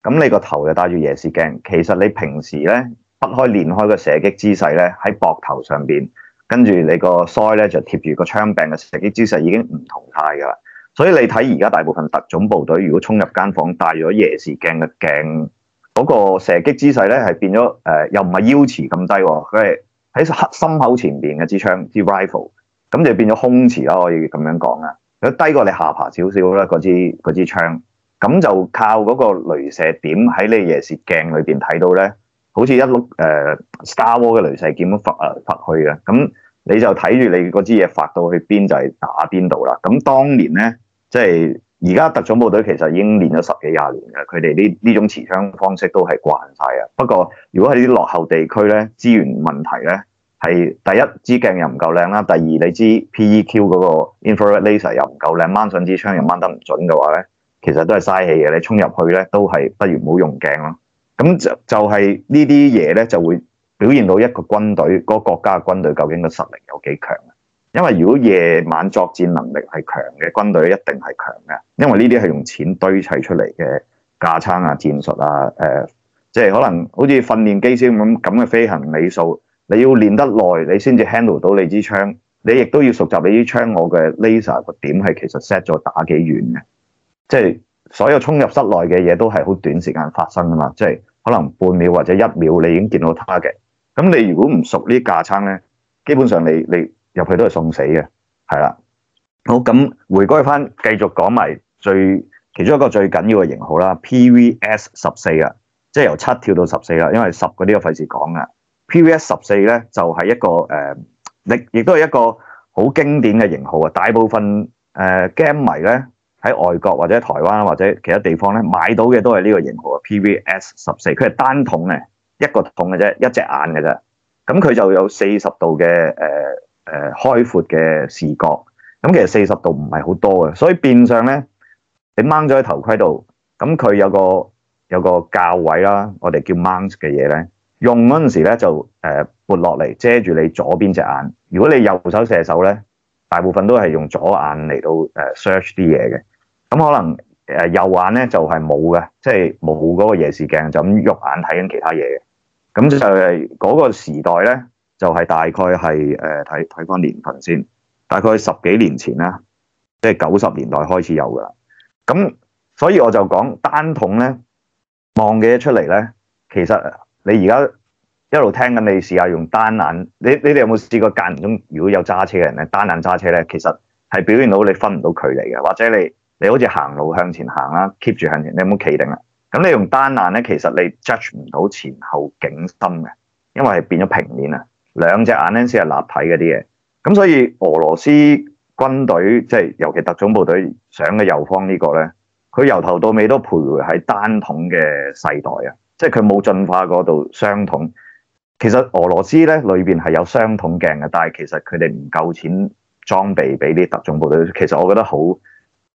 咁你個頭又戴住夜視鏡，其實你平時咧。不開連開嘅射擊姿勢咧，喺膊頭上邊，跟住你個腮咧就貼住個槍柄嘅射擊姿勢已經唔同態噶啦。所以你睇而家大部分特種部隊，如果衝入間房帶咗夜視鏡嘅鏡，嗰、那個射擊姿勢咧係變咗誒、呃，又唔係腰持咁低，哦，佢係喺心口前邊嘅支槍支 rifle，咁就變咗胸持啦，我可以咁樣講啦。如果低過你下巴少少啦，嗰支嗰支槍，咁就靠嗰個鐳射點喺你夜視鏡裏邊睇到咧。好似一碌誒 Star Wars 嘅雷射劍咁發去嘅，咁你就睇住你嗰支嘢發到去邊就係打邊度啦。咁當年咧，即係而家特種部隊其實已經練咗十幾廿年嘅，佢哋呢呢種持槍方式都係慣晒嘅。不過如果喺啲落後地區咧，資源問題咧，係第一支鏡又唔夠靚啦，第二你支 PEQ 嗰個 Infrared Laser 又唔夠靚，掹上支槍又掹得唔準嘅話咧，其實都係嘥氣嘅。你衝入去咧都係不如唔好用鏡咯。咁就就係呢啲嘢呢，就會表現到一個軍隊嗰個國家嘅軍隊究竟嘅實力有幾強、啊、因為如果夜晚作戰能力係強嘅軍隊，一定係強嘅。因為呢啲係用錢堆砌出嚟嘅架生啊、戰術啊、即、呃、係、就是、可能好似訓練機師咁咁嘅飛行尾數，你要練得耐，你先至 handle 到你支槍。你亦都要熟習你支槍，我嘅 laser 個點係其實 set 咗打幾遠嘅，即、就、係、是、所有衝入室內嘅嘢都係好短時間發生㗎嘛，即、就是可能半秒或者一秒，你已經見到他嘅。咁你如果唔熟這些呢架架撐咧，基本上你你入去都係送死嘅，係啦。好，咁回歸翻，繼續講埋最其中一個最緊要嘅型號啦，PVS 十四啊，即係由七跳到十四啦。因為十嗰啲我費事講啦。PVS 十四咧就係、是、一個誒、呃，亦都係一個好經典嘅型號啊。大部分誒、呃、Game 迷咧。喺外國或者喺台灣或者其他地方咧，買到嘅都係呢個型號嘅 PVS 十四，佢係單筒嘅，一個筒嘅啫，一隻眼嘅啫。咁佢就有四十度嘅誒誒開闊嘅視角。咁其實四十度唔係好多嘅，所以變相咧，你掹咗喺頭盔度，咁佢有個有個較位啦，我哋叫 mount 嘅嘢咧，用嗰陣時咧就誒撥落嚟遮住你左邊隻眼。如果你右手射手咧，大部分都係用左眼嚟到 search 啲嘢嘅。咁可能誒右眼咧就係冇嘅，即係冇嗰個夜視鏡，就咁、是、肉眼睇緊其他嘢。咁就係嗰個時代咧，就係、是、大概係誒睇睇翻年份先，大概十幾年前啦，即係九十年代開始有㗎啦。咁所以我就講單筒咧望嘅出嚟咧，其實你而家一路聽緊，你試下用單眼，你你哋有冇試過間唔中如果有揸車嘅人咧，單眼揸車咧，其實係表現到你分唔到距離嘅，或者你。你好似行路向前行啦，keep 住向前，你唔好企定啦、啊。咁你用單眼咧，其實你 judge 唔到前後景深嘅，因為係變咗平面啦。兩隻眼咧先係立體嗰啲嘢。咁所以俄羅斯軍隊即係尤其特種部隊上嘅右方個呢個咧，佢由頭到尾都徘徊喺單筒嘅世代啊，即係佢冇進化嗰度雙筒。其實俄羅斯咧裏邊係有雙筒鏡嘅，但係其實佢哋唔夠錢裝備俾啲特種部隊。其實我覺得好。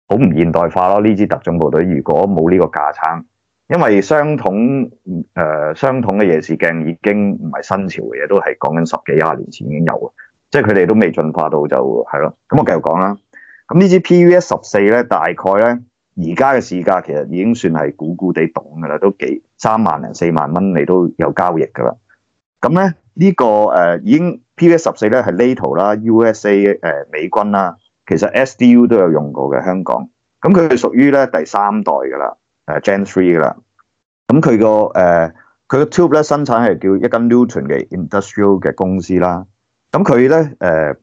好唔現代化咯！呢支特種部隊如果冇呢個架撐，因為雙筒誒雙筒嘅夜視鏡已經唔係新潮嘅嘢，都係講緊十幾廿年前已經有啦，即係佢哋都未進化到就係咯。咁我繼續講啦。咁呢支 P V S 十四咧，大概咧而家嘅市價其實已經算係估估地懂㗎啦，都幾三萬零四萬蚊你都有交易㗎啦。咁咧呢、這個誒、呃、已經 P V S 十四咧係 Lato 啦，U S A、呃、美軍啦。其實 SDU 都有用過嘅香港，咁佢係屬於咧第三代嘅啦，誒、啊、Gen Three 嘅啦。咁佢個誒佢個 tube 咧生產係叫一間 Newton 嘅 industrial 嘅公司啦。咁佢咧誒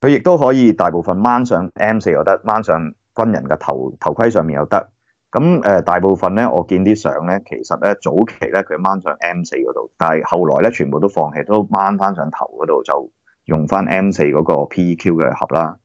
佢亦都可以大部分掹上 M 四又得，掹上軍人嘅頭頭盔上面又得。咁誒大部分咧，我見啲相咧，其實咧早期咧佢掹上 M 四嗰度，但係後來咧全部都放棄，都掹翻上頭嗰度就用翻 M 四嗰個 PEQ 嘅盒啦。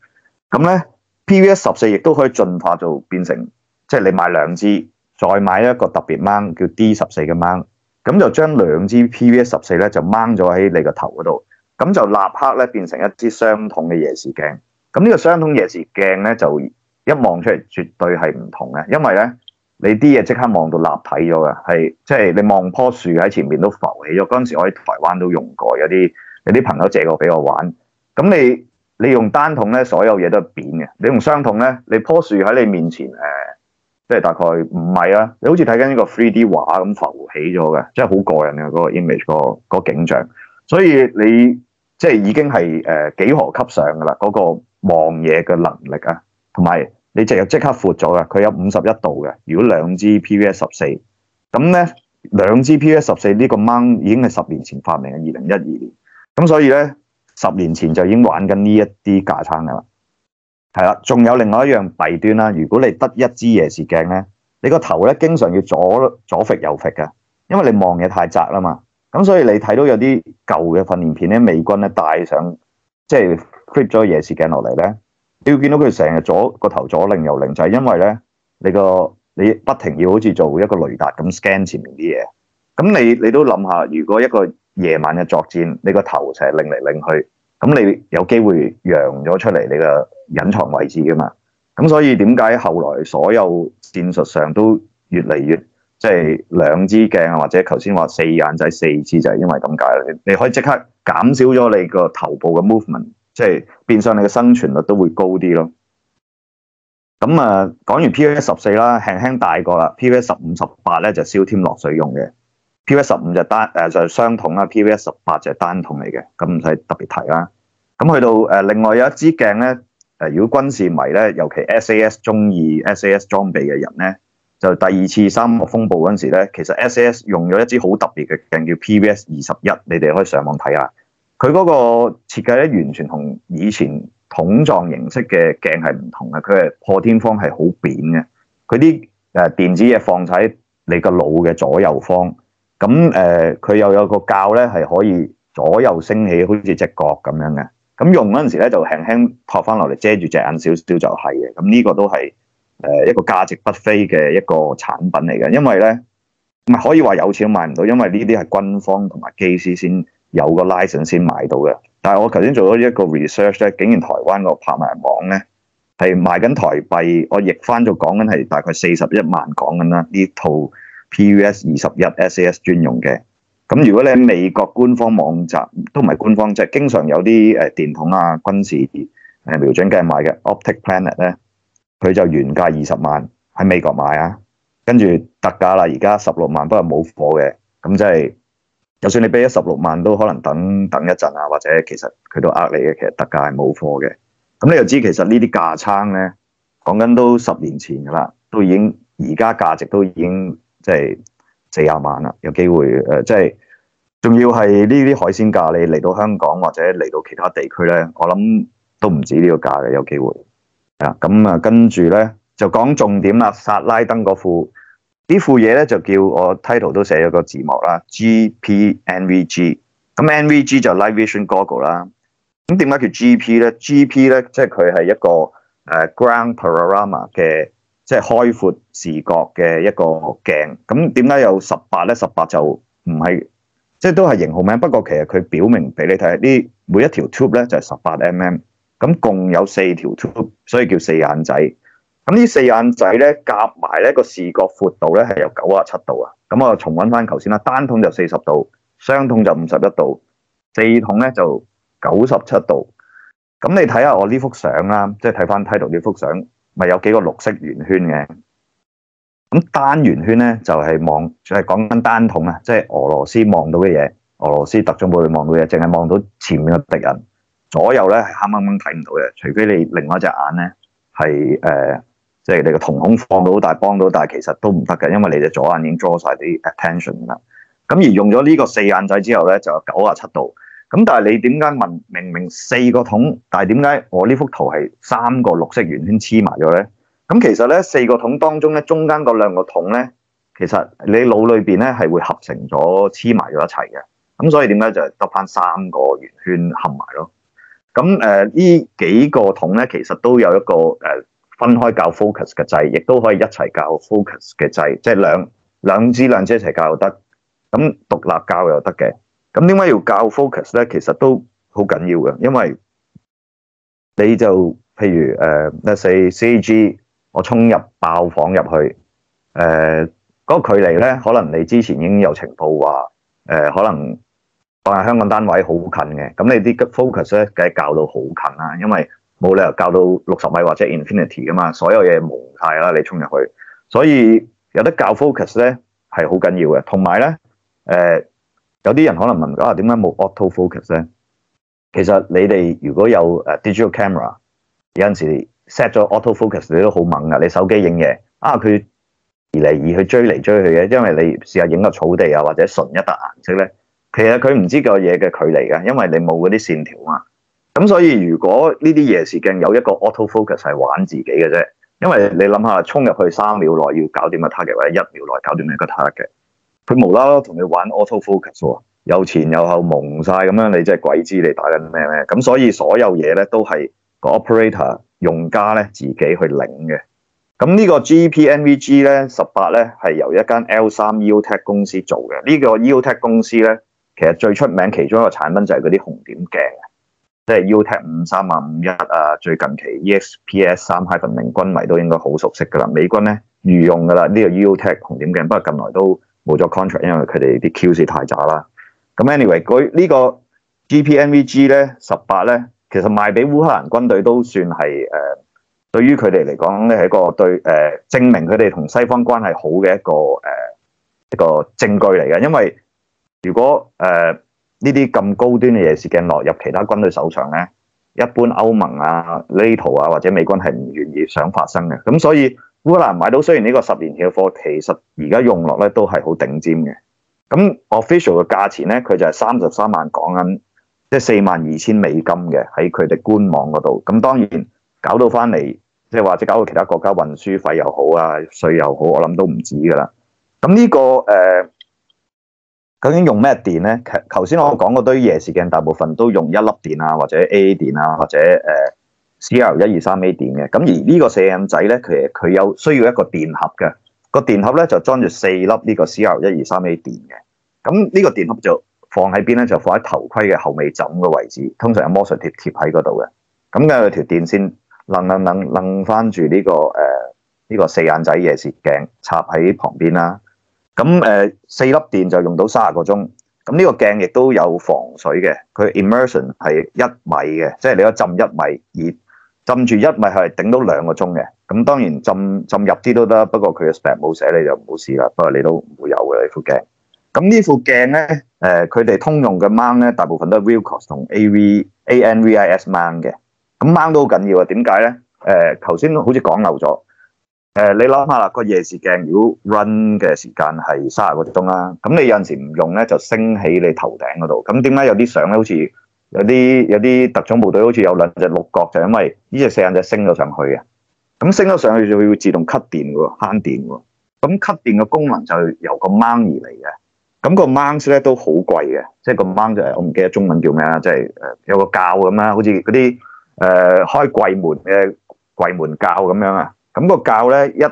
咁咧，PVS 十四亦都可以進化做變成，即係你買兩支，再買一個特別掹叫 D 十四嘅掹，咁就將兩支 PVS 十四咧就掹咗喺你個頭嗰度，咁就立刻咧變成一支雙筒嘅夜視鏡。咁呢個雙筒夜視鏡咧就一望出嚟，絕對係唔同嘅，因為咧你啲嘢即刻望到立體咗嘅，係即係你望樖樹喺前面都浮起咗。嗰陣時我喺台灣都用過，有啲有啲朋友借過俾我玩，咁你。你用單筒咧，所有嘢都係扁嘅；你用雙筒咧，你棵樹喺你面前，即、呃、係大概唔係啊！你好似睇緊呢個 three D 畫咁浮起咗嘅，即係好過癮嘅嗰個 image、那個、嗰、那個景象。所以你即係已經係誒、呃、幾何級上噶啦，嗰、那個望嘢嘅能力啊，同埋你淨係即刻闊咗噶。佢有五十一度嘅，如果兩支 P V S 十四咁咧，兩支 P V S 十四呢個 mon 已經係十年前發明嘅，二零一二年。咁所以咧。十年前就已經玩緊呢一啲架撐噶啦，係啦，仲有另外一樣弊端啦。如果你得一支夜視鏡咧，你個頭咧，經常要左左揈右揈㗎，因為你望嘢太窄啦嘛。咁所以你睇到有啲舊嘅訓練片咧，美軍咧戴上即係 clip 咗夜視鏡落嚟咧，你要見到佢成日左個頭左擰右擰，就係、是、因為咧你個你不停要好似做一個雷達咁 scan 前面啲嘢。咁你你都諗下，如果一個夜晚嘅作戰，你個頭成日擰嚟擰去。咁你有機會揚咗出嚟你個隱藏位置噶嘛？咁所以點解後來所有戰術上都越嚟越即係、就是、兩支鏡啊，或者頭先話四眼仔四支就係因為咁解。你可以即刻減少咗你個頭部嘅 movement，即係變相你嘅生存率都會高啲咯。咁啊，講完 p v 1十四啦，輕輕大個啦 PVS 十五十八咧就燒天落水用嘅。P.V.S. 十五就單誒、呃、就係、是、雙筒啦，P.V.S. 十八就係單筒嚟嘅，咁唔使特別提啦。咁去到誒、呃、另外有一支鏡咧，誒、呃、如果軍事迷咧，尤其 S.A.S. 中意 S.A.S. 裝備嘅人咧，就第二次沙漠風暴嗰陣時咧，其實 S.A.S. 用咗一支好特別嘅鏡叫 P.V.S. 二十一，你哋可以上網睇下。佢嗰個設計咧，完全同以前桶狀形式嘅鏡係唔同嘅，佢係破天荒係好扁嘅，佢啲誒電子嘢放喺你個腦嘅左右方。咁誒，佢、嗯呃、又有個教咧，係可以左右升起，好似隻角咁樣嘅。咁、嗯、用嗰陣時咧，就輕輕托翻落嚟遮住隻眼少少就係嘅。咁、嗯、呢、這個都係誒一個價值不菲嘅一個產品嚟嘅，因為咧唔係可以話有錢買唔到，因為呢啲係軍方同埋機師先有個 license 先買到嘅。但係我頭先做咗一個 research 咧，竟然台灣個拍賣網咧係賣緊台幣，我譯翻就講緊係大概四十一萬港銀啦，呢套。P.U.S. 二十一 S.A.S. 專用嘅咁，如果你喺美國官方網站都唔係官方，即係經常有啲誒電筒啊、軍事誒瞄準鏡賣嘅 Optic Planet 咧，佢就原價二十萬喺美國買啊，跟住特價啦，而家十六萬，不過冇貨嘅，咁即係，就算你俾咗十六萬都可能等等一陣啊，或者其實佢都呃你嘅。其實特價係冇貨嘅，咁你又知其實呢啲價差咧，講緊都十年前㗎啦，都已經而家價值都已經。即係四廿萬啦，有機會誒、呃，即係仲要係呢啲海鮮價，你嚟到香港或者嚟到其他地區咧，我諗都唔止呢個價嘅，有機會啊。咁、嗯、啊、嗯，跟住咧就講重點啦。薩拉登嗰副呢副嘢咧，就叫我 title 都寫咗個字幕啦。G P N V G，咁 N V G 就 Live Vision Goggle 啦。咁點解叫 G P 咧？G P 咧，即係佢係一個誒 Ground Panoramic 嘅。即係開闊視覺嘅一個鏡，咁點解有十八呢？十八就唔係，即係都係型號名。不過其實佢表明俾你睇呢每一條 tube 咧就係十八 mm，咁共有四條 tube，所以叫四眼仔。咁呢四眼仔咧，夾埋呢個視覺闊度咧係有九十七度啊。咁我重溫翻頭先啦，單筒就四十度，雙筒就五十一度，四筒咧就九十七度。咁你睇下我呢幅相啦，即係睇翻 title 呢幅相。咪有幾個綠色圓圈嘅，咁單圓圈咧就係望，就係講緊單筒啊，即係俄羅斯望到嘅嘢，俄羅斯特種部隊望到嘅嘢，淨係望到前面嘅敵人，左右咧係黑掹掹睇唔到嘅，除非你另外一隻眼咧係誒，即係你個瞳孔放到好大，幫到，大，其實都唔得嘅，因為你隻左眼已經 draw 晒啲 attention 啦。咁而用咗呢個四眼仔之後咧，就有九啊七度。咁但係你點解問明明四個桶，但係點解我呢幅圖係三個綠色圓圈黐埋咗咧？咁其實咧四個桶當中咧，中間嗰兩個桶咧，其實你腦裏面咧係會合成咗黐埋咗一齊嘅。咁所以點解就得返三個圓圈合埋咯？咁呃、呢幾個桶咧，其實都有一個、呃、分開較 focus 嘅掣，亦都可以一齊較 focus 嘅掣，即係兩兩支兩支一齊較又得，咁獨立較又得嘅。咁點解要教 focus 咧？其實都好緊要嘅，因為你就譬如誒，let's say CAG，我沖入爆房入去，誒、呃，嗰、那個距離咧，可能你之前已經有情報話，誒、呃，可能我係香港單位好近嘅，咁你啲 focus 咧，梗係教到好近啦，因為冇理由教到六十米或者 infinity 噶嘛，所有嘢蒙晒啦，你沖入去，所以有得教 focus 咧，係好緊要嘅，同埋咧，誒、呃。有啲人可能問：啊，點解冇 auto focus 咧？其實你哋如果有 digital camera，有陣時 set 咗 auto focus，你都好猛㗎。你手機影嘢啊，佢移嚟移去追嚟追去嘅，因為你試下影個草地啊，或者純一笪顏色咧，其實佢唔知個嘢嘅距離㗎，因為你冇嗰啲線條啊嘛。咁所以如果呢啲夜視鏡有一個 auto focus 係玩自己嘅啫，因為你諗下，衝入去三秒內要搞掂個 target 或者一秒內搞掂你個 target 嘅。佢無啦啦同你玩 auto focus 喎，又前又後蒙晒咁樣，你真係鬼知你打緊咩咩？咁所以所有嘢咧都係 operator 用家咧自己去領嘅。咁呢個 GP NVG 咧十八咧係由一間 L 三 EOTech 公司做嘅。呢、這個 EOTech 公司咧其實最出名其中一個產品就係嗰啲紅點鏡，即係 EOTech 五三啊五一啊，1, 最近期 E X P S 三，明軍迷都應該好熟悉噶啦。美軍咧御用噶啦呢個 EOTech 紅點鏡，不過近來都。冇咗 contract，因為佢哋啲 QC 太渣啦。咁 anyway，佢呢個 GPMVG 咧十八咧，18, 其實賣俾烏克蘭軍隊都算係誒、呃，對於佢哋嚟講咧係一個對誒、呃、證明佢哋同西方關係好嘅一個誒、呃、一個證據嚟嘅。因為如果誒呢啲咁高端嘅夜視鏡落入其他軍隊手上咧，一般歐盟啊、NATO 啊或者美軍係唔願意想發生嘅。咁所以烏蘭買到雖然呢個十年嘅貨，其實而家用落咧都係好頂尖嘅。咁 official 嘅價錢咧，佢就係三十三萬港銀，即係四萬二千美金嘅喺佢哋官網嗰度。咁當然搞到返嚟，即係或者搞到其他國家運輸費又好啊，稅又好，我諗都唔止噶啦。咁呢、呢個誒、呃、究竟用咩電咧？頭先我講嗰堆夜視鏡大部分都用一粒電啊，或者 A A 電啊，或者誒。呃 CR123A 電嘅，咁而呢個四眼仔咧，其實佢有需要一個電盒嘅，個電盒咧就裝住四粒呢個 CR123A 電嘅。咁呢個電盒就放喺邊咧？就放喺頭盔嘅後尾枕嘅位置，通常有魔術貼貼喺嗰度嘅。咁嘅有條電線楞楞楞楞翻住呢個誒呢、呃這個四眼仔夜視鏡插喺旁邊啦。咁誒四粒電就用到三十個鐘。咁呢個鏡亦都有防水嘅，佢 immersion 係一米嘅，即係你一浸一米而。浸住一咪係頂到兩個鐘嘅，咁當然浸浸入啲都得，不過佢嘅 spec 冇寫你就唔好試啦。不過你都唔會有嘅呢副鏡。咁呢副鏡咧，誒佢哋通用嘅 mount 咧，大部分都係 Wilcox 同 AV、ANVISmount 嘅。咁 mount 都好緊要啊，點解咧？誒頭先好似講漏咗。誒你諗下啦，個夜視鏡如果 run 嘅時間係卅個鐘啦，咁你有陣時唔用咧，就升起你頭頂嗰度。咁點解有啲相咧好似？有啲有啲特種部隊好似有兩隻鹿角，就是、因為呢隻四眼就升咗上去嘅，咁升咗上去就會自動 cut 電喎，慳電喎。咁 cut 電嘅功能就由個芒而嚟嘅，咁、那個芒咧都好貴嘅，即係個芒就係、我唔記得中文叫咩啦，即、就、係、是、有個教咁啦，好似嗰啲誒開櫃門嘅櫃門教咁樣啊。咁、那個教咧一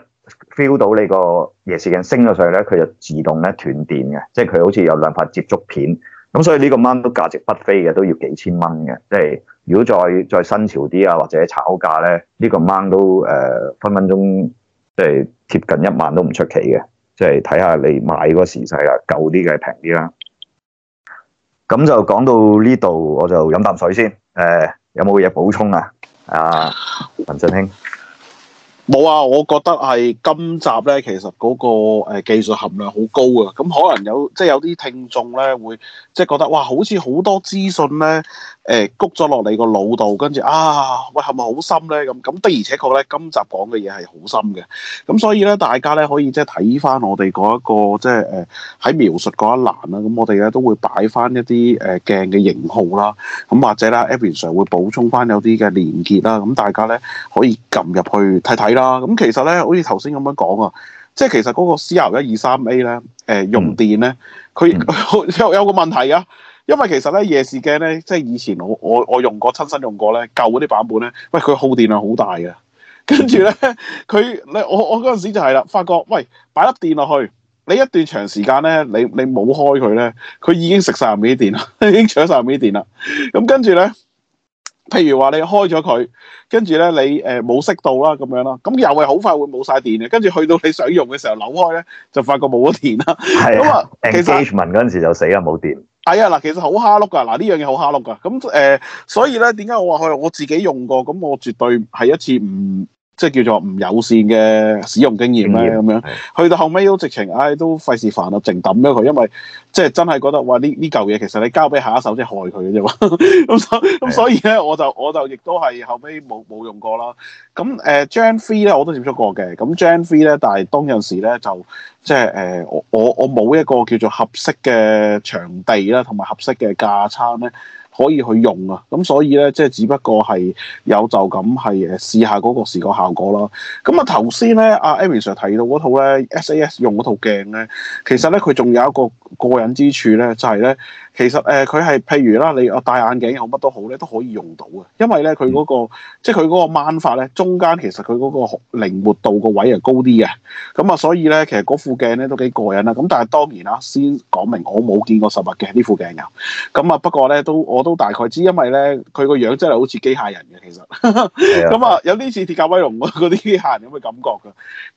feel 到你個夜視鏡升咗上去咧，佢就自動咧斷電嘅，即係佢好似有兩塊接觸片。咁所以呢個掹都價值不菲嘅，都要幾千蚊嘅。即係如果再再新潮啲啊，或者炒價咧，呢、這個掹都誒、呃、分分鐘即係、就是、貼近一萬都唔出奇嘅。即係睇下你買嗰時勢啦，舊啲嘅平啲啦。咁就講到呢度，我就飲啖水先。誒、呃，有冇嘢補充啊？啊，文振興。冇啊，我覺得係今集咧，其實嗰、嗰個、呃、技術含量好高啊。咁可能有即係有啲聽眾咧會即係覺得哇，好似好多資訊咧誒，谷咗落你個腦度，跟住啊喂，係咪好深咧？咁咁的而且確咧，今集講嘅嘢係好深嘅，咁所以咧，大家咧可以即係睇翻我哋嗰一個即係喺描述嗰一欄、呃、啦，咁我哋咧都會擺翻一啲誒鏡嘅型號啦，咁或者啦 Edwin Sir 會補充翻有啲嘅連結啦，咁大家咧可以撳入去睇睇啦。啊，咁其實咧，好似頭先咁樣講啊，即係其實嗰個 CR123A 咧，誒、呃、用電咧，佢有有個問題啊，因為其實咧夜視鏡咧，即係以前我我我用過，親身用過咧，舊嗰啲版本咧，喂佢耗電量好大嘅，跟住咧佢，我我嗰陣時就係啦，發覺喂擺粒電落去，你一段長時間咧，你你冇開佢咧，佢已經食晒入面啲電啦，已經搶晒入面啲電啦，咁跟住咧。譬如話你開咗佢，跟住咧你誒冇熄到啦咁樣啦，咁又係好快會冇曬電嘅。跟住去到你想用嘅時候扭開咧，就發覺冇咗電啦。咁啊，engagement 嗰陣時就死啦，冇電。係啊，嗱，其實好蝦碌噶，嗱，呢樣嘢好蝦碌噶。咁誒，所以咧，點解我話佢，我自己用過，咁我絕對係一次唔。即係叫做唔友善嘅使用經驗咧驗，咁樣的去到後尾、哎、都直情，唉都費事煩啦，淨抌咗佢。因為即係真係覺得哇，呢呢舊嘢其實你交俾下一手害他，即係害佢嘅啫嘛。咁所咁所以咧，我就我就亦都係後尾冇冇用過啦。咁誒、呃、，Gen Three 咧我都接觸過嘅。咁 Gen Three 咧，但係當陣時咧就即係誒，我我冇一個叫做合適嘅場地啦，同埋合適嘅架撐咧。可以去用啊，咁所以咧，即係只不過係有就咁係誒試下嗰個視覺效果啦。咁啊頭先咧，阿 Edwin Sir 提到嗰套咧 SAS 用嗰套鏡咧，其實咧佢仲有一個過癮之處咧，就係、是、咧。其實誒佢係譬如啦，你我戴眼鏡又好乜都好咧，都可以用到嘅，因為咧佢嗰個、嗯、即係佢嗰個彎法咧，中間其實佢嗰個靈活度個位係高啲嘅，咁啊所以咧其實嗰副鏡咧都幾過癮啦。咁但係當然啦，先講明我冇見過實物嘅呢副鏡啊。咁啊不過咧都我都大概知，因為咧佢個樣真係好似機械人嘅其實。咁啊 有啲似鐵甲威龍嗰嗰啲機械人咁嘅感覺㗎。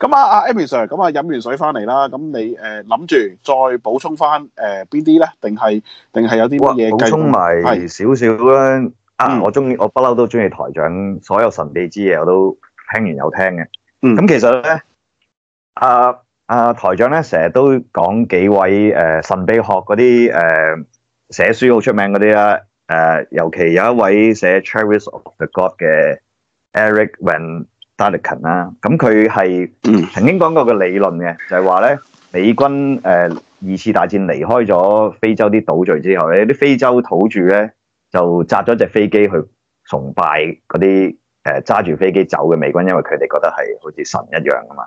咁啊阿 Amy sir，咁啊飲完水翻嚟啦，咁你誒諗住再補充翻誒邊啲咧，定係？定係有啲嘢，補、哦、充埋少少啦。是啊，我中意，我不嬲都中意台長所有神秘之嘢，我都聽完又聽嘅。咁、嗯、其實咧，阿啊，啊台長咧成日都講幾位誒、呃、神秘學嗰啲誒寫書好出名嗰啲啦。誒、呃，尤其有一位寫《Chariots of the God》嘅 Erich von Däniken 啦。咁佢係曾經講過個理論嘅，就係話咧。美軍誒、呃、二次大戰離開咗非洲啲島嶼之後，有啲非洲土著咧就揸咗隻飛機去崇拜嗰啲誒揸住飛機走嘅美軍，因為佢哋覺得係好似神一樣啊嘛。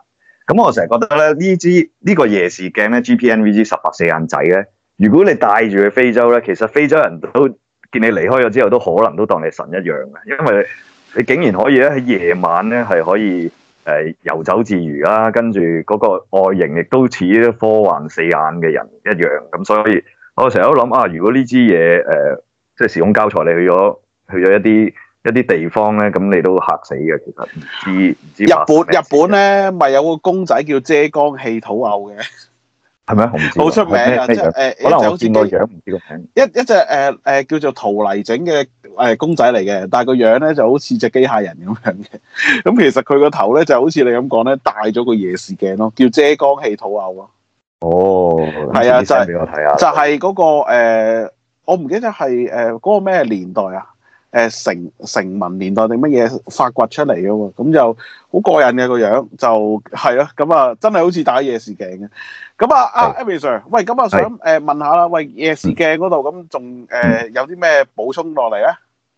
咁我成日覺得咧呢呢支呢、呢個夜視鏡咧，G P N V G 十八四眼仔咧，如果你戴住去非洲咧，其實非洲人都見你離開咗之後都可能都當你係神一樣嘅，因為你竟然可以咧喺夜晚咧係可以。誒遊、呃、走自如啦，啊，跟住嗰個外形亦都似科幻四眼嘅人一樣，咁所以我成日都諗啊，如果呢支嘢即係時空交錯，你去咗去咗一啲一啲地方咧，咁你都嚇死嘅，其實唔知唔知。日本日本咧，咪有個公仔叫「遮光氣土偶」嘅。係咪好出名啊？誒，可能就好似個樣唔知個名。一一隻誒誒叫做陶泥整嘅，誒、呃、公仔嚟嘅，但係個樣咧就好似隻機械人咁樣嘅。咁、嗯、其實佢個頭咧就好似你咁講咧，戴咗個夜視鏡咯，叫遮光器土偶咯。哦，係啊，就係、就係、係、嗰、嗰個誒、呃，我唔記得係誒嗰個咩年代啊？誒、呃，成成文年代定乜嘢發掘出嚟噶嘛？咁就好過癮嘅個樣，就係啊，咁啊，真係好似戴夜視鏡嘅。咁啊，阿 Edwin、呃、喂，咁啊想誒問下啦，喂夜視鏡嗰度咁仲誒有啲咩補充落嚟咧？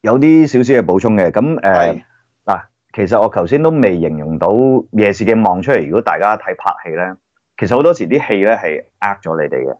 有啲少少嘅補充嘅。咁誒嗱，其實我頭先都未形容到夜視鏡望出嚟，如果大家睇拍戲咧，其實好多時啲戲咧係呃咗你哋嘅。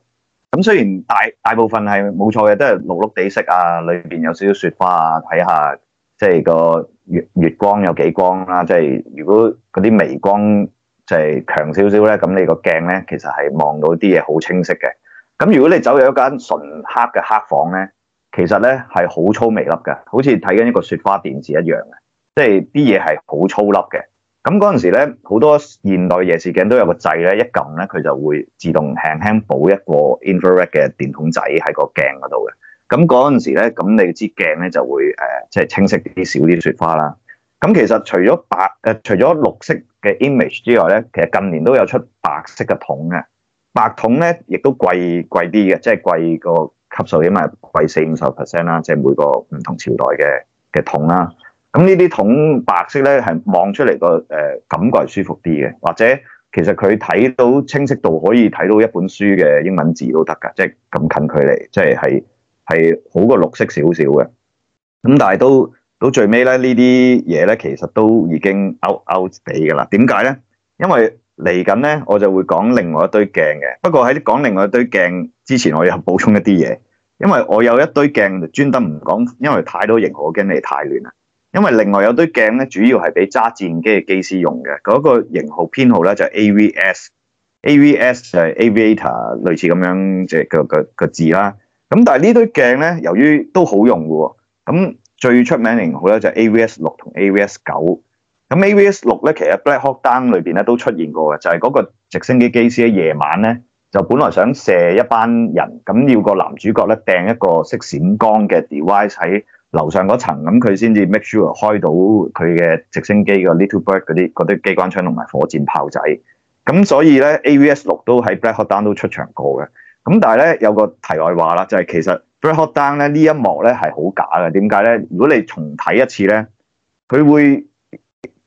咁雖然大大部分係冇錯嘅，都係綠碌地色啊，裏面有少少雪花啊，睇下即係個月月光有幾光啦、啊，即係如果嗰啲微光。就係強少少咧，咁你個鏡咧其實係望到啲嘢好清晰嘅。咁如果你走入一間純黑嘅黑房咧，其實咧係好粗微粒嘅，好似睇緊一個雪花電視一樣嘅，即係啲嘢係好粗粒嘅。咁嗰陣時咧，好多現代夜視鏡都有個掣咧，一撳咧佢就會自動輕輕補一個 infrared 嘅電筒仔喺個鏡嗰度嘅。咁嗰陣時咧，咁你支鏡咧就會即係、呃就是、清晰啲少啲雪花啦。咁其實除咗白誒，除咗綠色嘅 image 之外咧，其實近年都有出白色嘅桶嘅，白桶咧亦都貴貴啲嘅，即係貴個級數，起碼貴四五十 percent 啦，即係每個唔同朝代嘅嘅桶啦。咁呢啲桶白色咧係望出嚟個誒感覺係舒服啲嘅，或者其實佢睇到清晰度可以睇到一本書嘅英文字都得㗎，即係咁近距離，即係係係好過綠色少少嘅。咁但係都。到最尾咧，呢啲嘢咧，其實都已經 out out 哋噶啦。點解咧？因為嚟緊咧，我就會講另外一堆鏡嘅。不過喺講另外一堆鏡之前，我要補充一啲嘢，因為我有一堆鏡就專登唔講，因為太多型號嘅驚你太亂啦。因為另外有堆鏡咧，主要係俾揸戰機嘅機師用嘅。嗰、那個型號編號咧就係、是、AVS，AVS 就係 Aviator 類似咁樣，即、就、係、是、個,個,個字啦。咁但係呢堆鏡咧，由於都好用嘅喎，咁。最出名型號咧就係 AVS 六同 AVS 九，咁 AVS 六咧其實《Black Hawk Down》裏邊咧都出現過嘅，就係、是、嗰個直升機機師喺夜晚咧就本來想射一班人，咁要個男主角咧掟一個識閃光嘅 device 喺樓上嗰層，咁佢先至 make sure 開到佢嘅直升機嘅 little bird 嗰啲嗰啲機關槍同埋火箭炮仔，咁所以咧 AVS 六都喺《Black Hawk Down》都出場過嘅，咁但係咧有個題外話啦，就係、是、其實。breakdown 咧呢一幕咧係好假嘅，點解咧？如果你重睇一次咧，佢會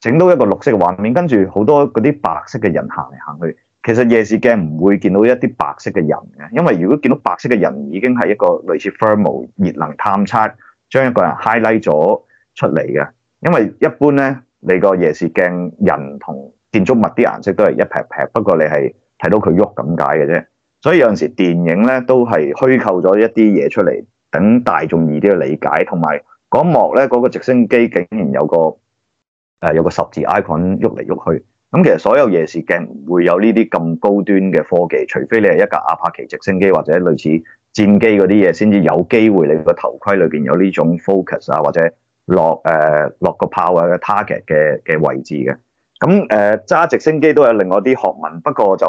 整到一個綠色嘅畫面，跟住好多嗰啲白色嘅人行嚟行去。其實夜視鏡唔會見到一啲白色嘅人嘅，因為如果見到白色嘅人已經係一個類似 thermal 熱能探測，將一個人 highlight 咗出嚟嘅。因為一般咧，你個夜視鏡人同建築物啲顏色都係一撇撇，不過你係睇到佢喐咁解嘅啫。所以有陣時電影咧都係虛構咗一啲嘢出嚟，等大眾易啲去理解。同埋嗰幕咧，嗰、那個直升機竟然有個有個十字 icon 喐嚟喐去。咁其實所有夜視鏡唔會有呢啲咁高端嘅科技，除非你係一架阿帕奇直升機或者類似戰機嗰啲嘢，先至有機會你個頭盔裏面有呢種 focus 啊，或者落誒、呃、落 e 炮啊 target 嘅嘅位置嘅。咁誒揸直升機都有另外啲學問，不過就。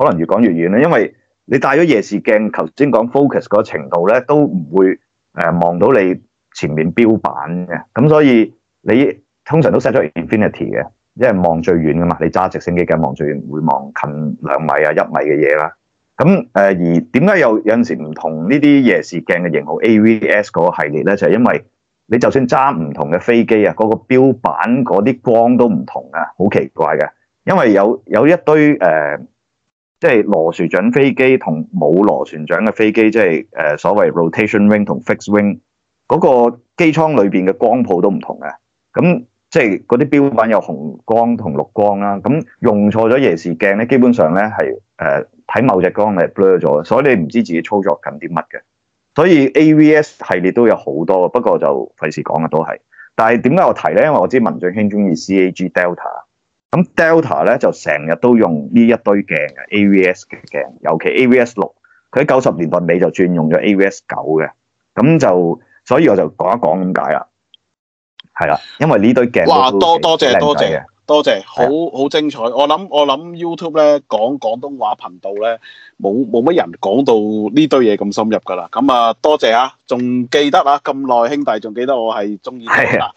可能越講越遠啦，因為你戴咗夜視鏡，頭先講 focus 嗰程度咧，都唔會望到你前面標板嘅。咁所以你通常都 set 咗 infinity 嘅，因為望最遠㗎嘛。你揸直升機嘅，望最遠，會會望近兩米啊、一米嘅嘢啦。咁誒、呃、而點解有有陣時唔同呢啲夜視鏡嘅型號 AVS 嗰個系列咧？就係、是、因為你就算揸唔同嘅飛機啊，嗰、那個標板嗰啲光都唔同啊，好奇怪嘅。因為有有一堆誒。呃即係螺旋槳飛機同冇螺旋槳嘅飛機，即係誒所謂 rotation wing 同 fixed wing 嗰個機艙裏邊嘅光譜都唔同嘅。咁即係嗰啲標版有紅光同綠光啦。咁用錯咗夜視鏡咧，基本上咧係誒睇某隻光係 blur 咗，所以你唔知自己操作緊啲乜嘅。所以 AVS 系列都有好多，不過就費事講嘅都係。但係點解我提咧？因為我知文俊卿中意 CAG Delta。咁 Delta 咧就成日都用呢一堆鏡嘅 AVS 嘅鏡，尤其 AVS 六，佢喺九十年代尾就轉用咗 AVS 九嘅，咁就所以我就講一講咁解啦，係啦，因為呢堆鏡哇多多謝多謝多謝，好好的精彩。我諗我諗 YouTube 咧講廣東話頻道咧冇冇乜人講到呢堆嘢咁深入噶啦。咁啊多謝啊，仲記得啊咁耐，兄弟仲記得我係中意係啊，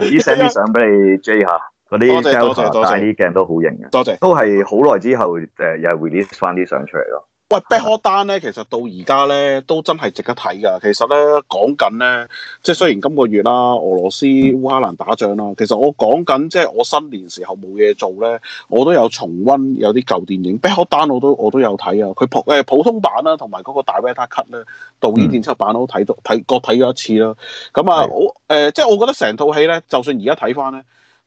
依 send 啲相俾你 J 下。 的 啲多帶呢鏡都好型嘅，多謝，謝，謝，謝都係好耐之後，誒、呃、又 release 翻啲相出嚟咯。喂，Down 呢《Black Hawk Down》咧，其實到而家咧都真係值得睇噶。其實咧講緊咧，即係雖然今個月啦、啊，俄羅斯、嗯、烏克蘭打仗啦、啊，其實我講緊即係、就是、我新年時候冇嘢做咧，我都有重溫有啲舊電影，《Black Hawk Down》我都我都有睇啊。佢普誒、呃、普通版啦、啊，同埋嗰個大 w e a t c u t 咧，導演電視版都睇到睇，各睇咗一次啦。咁啊，啊是的 我誒、呃、即係我覺得成套戲咧，就算而家睇翻咧。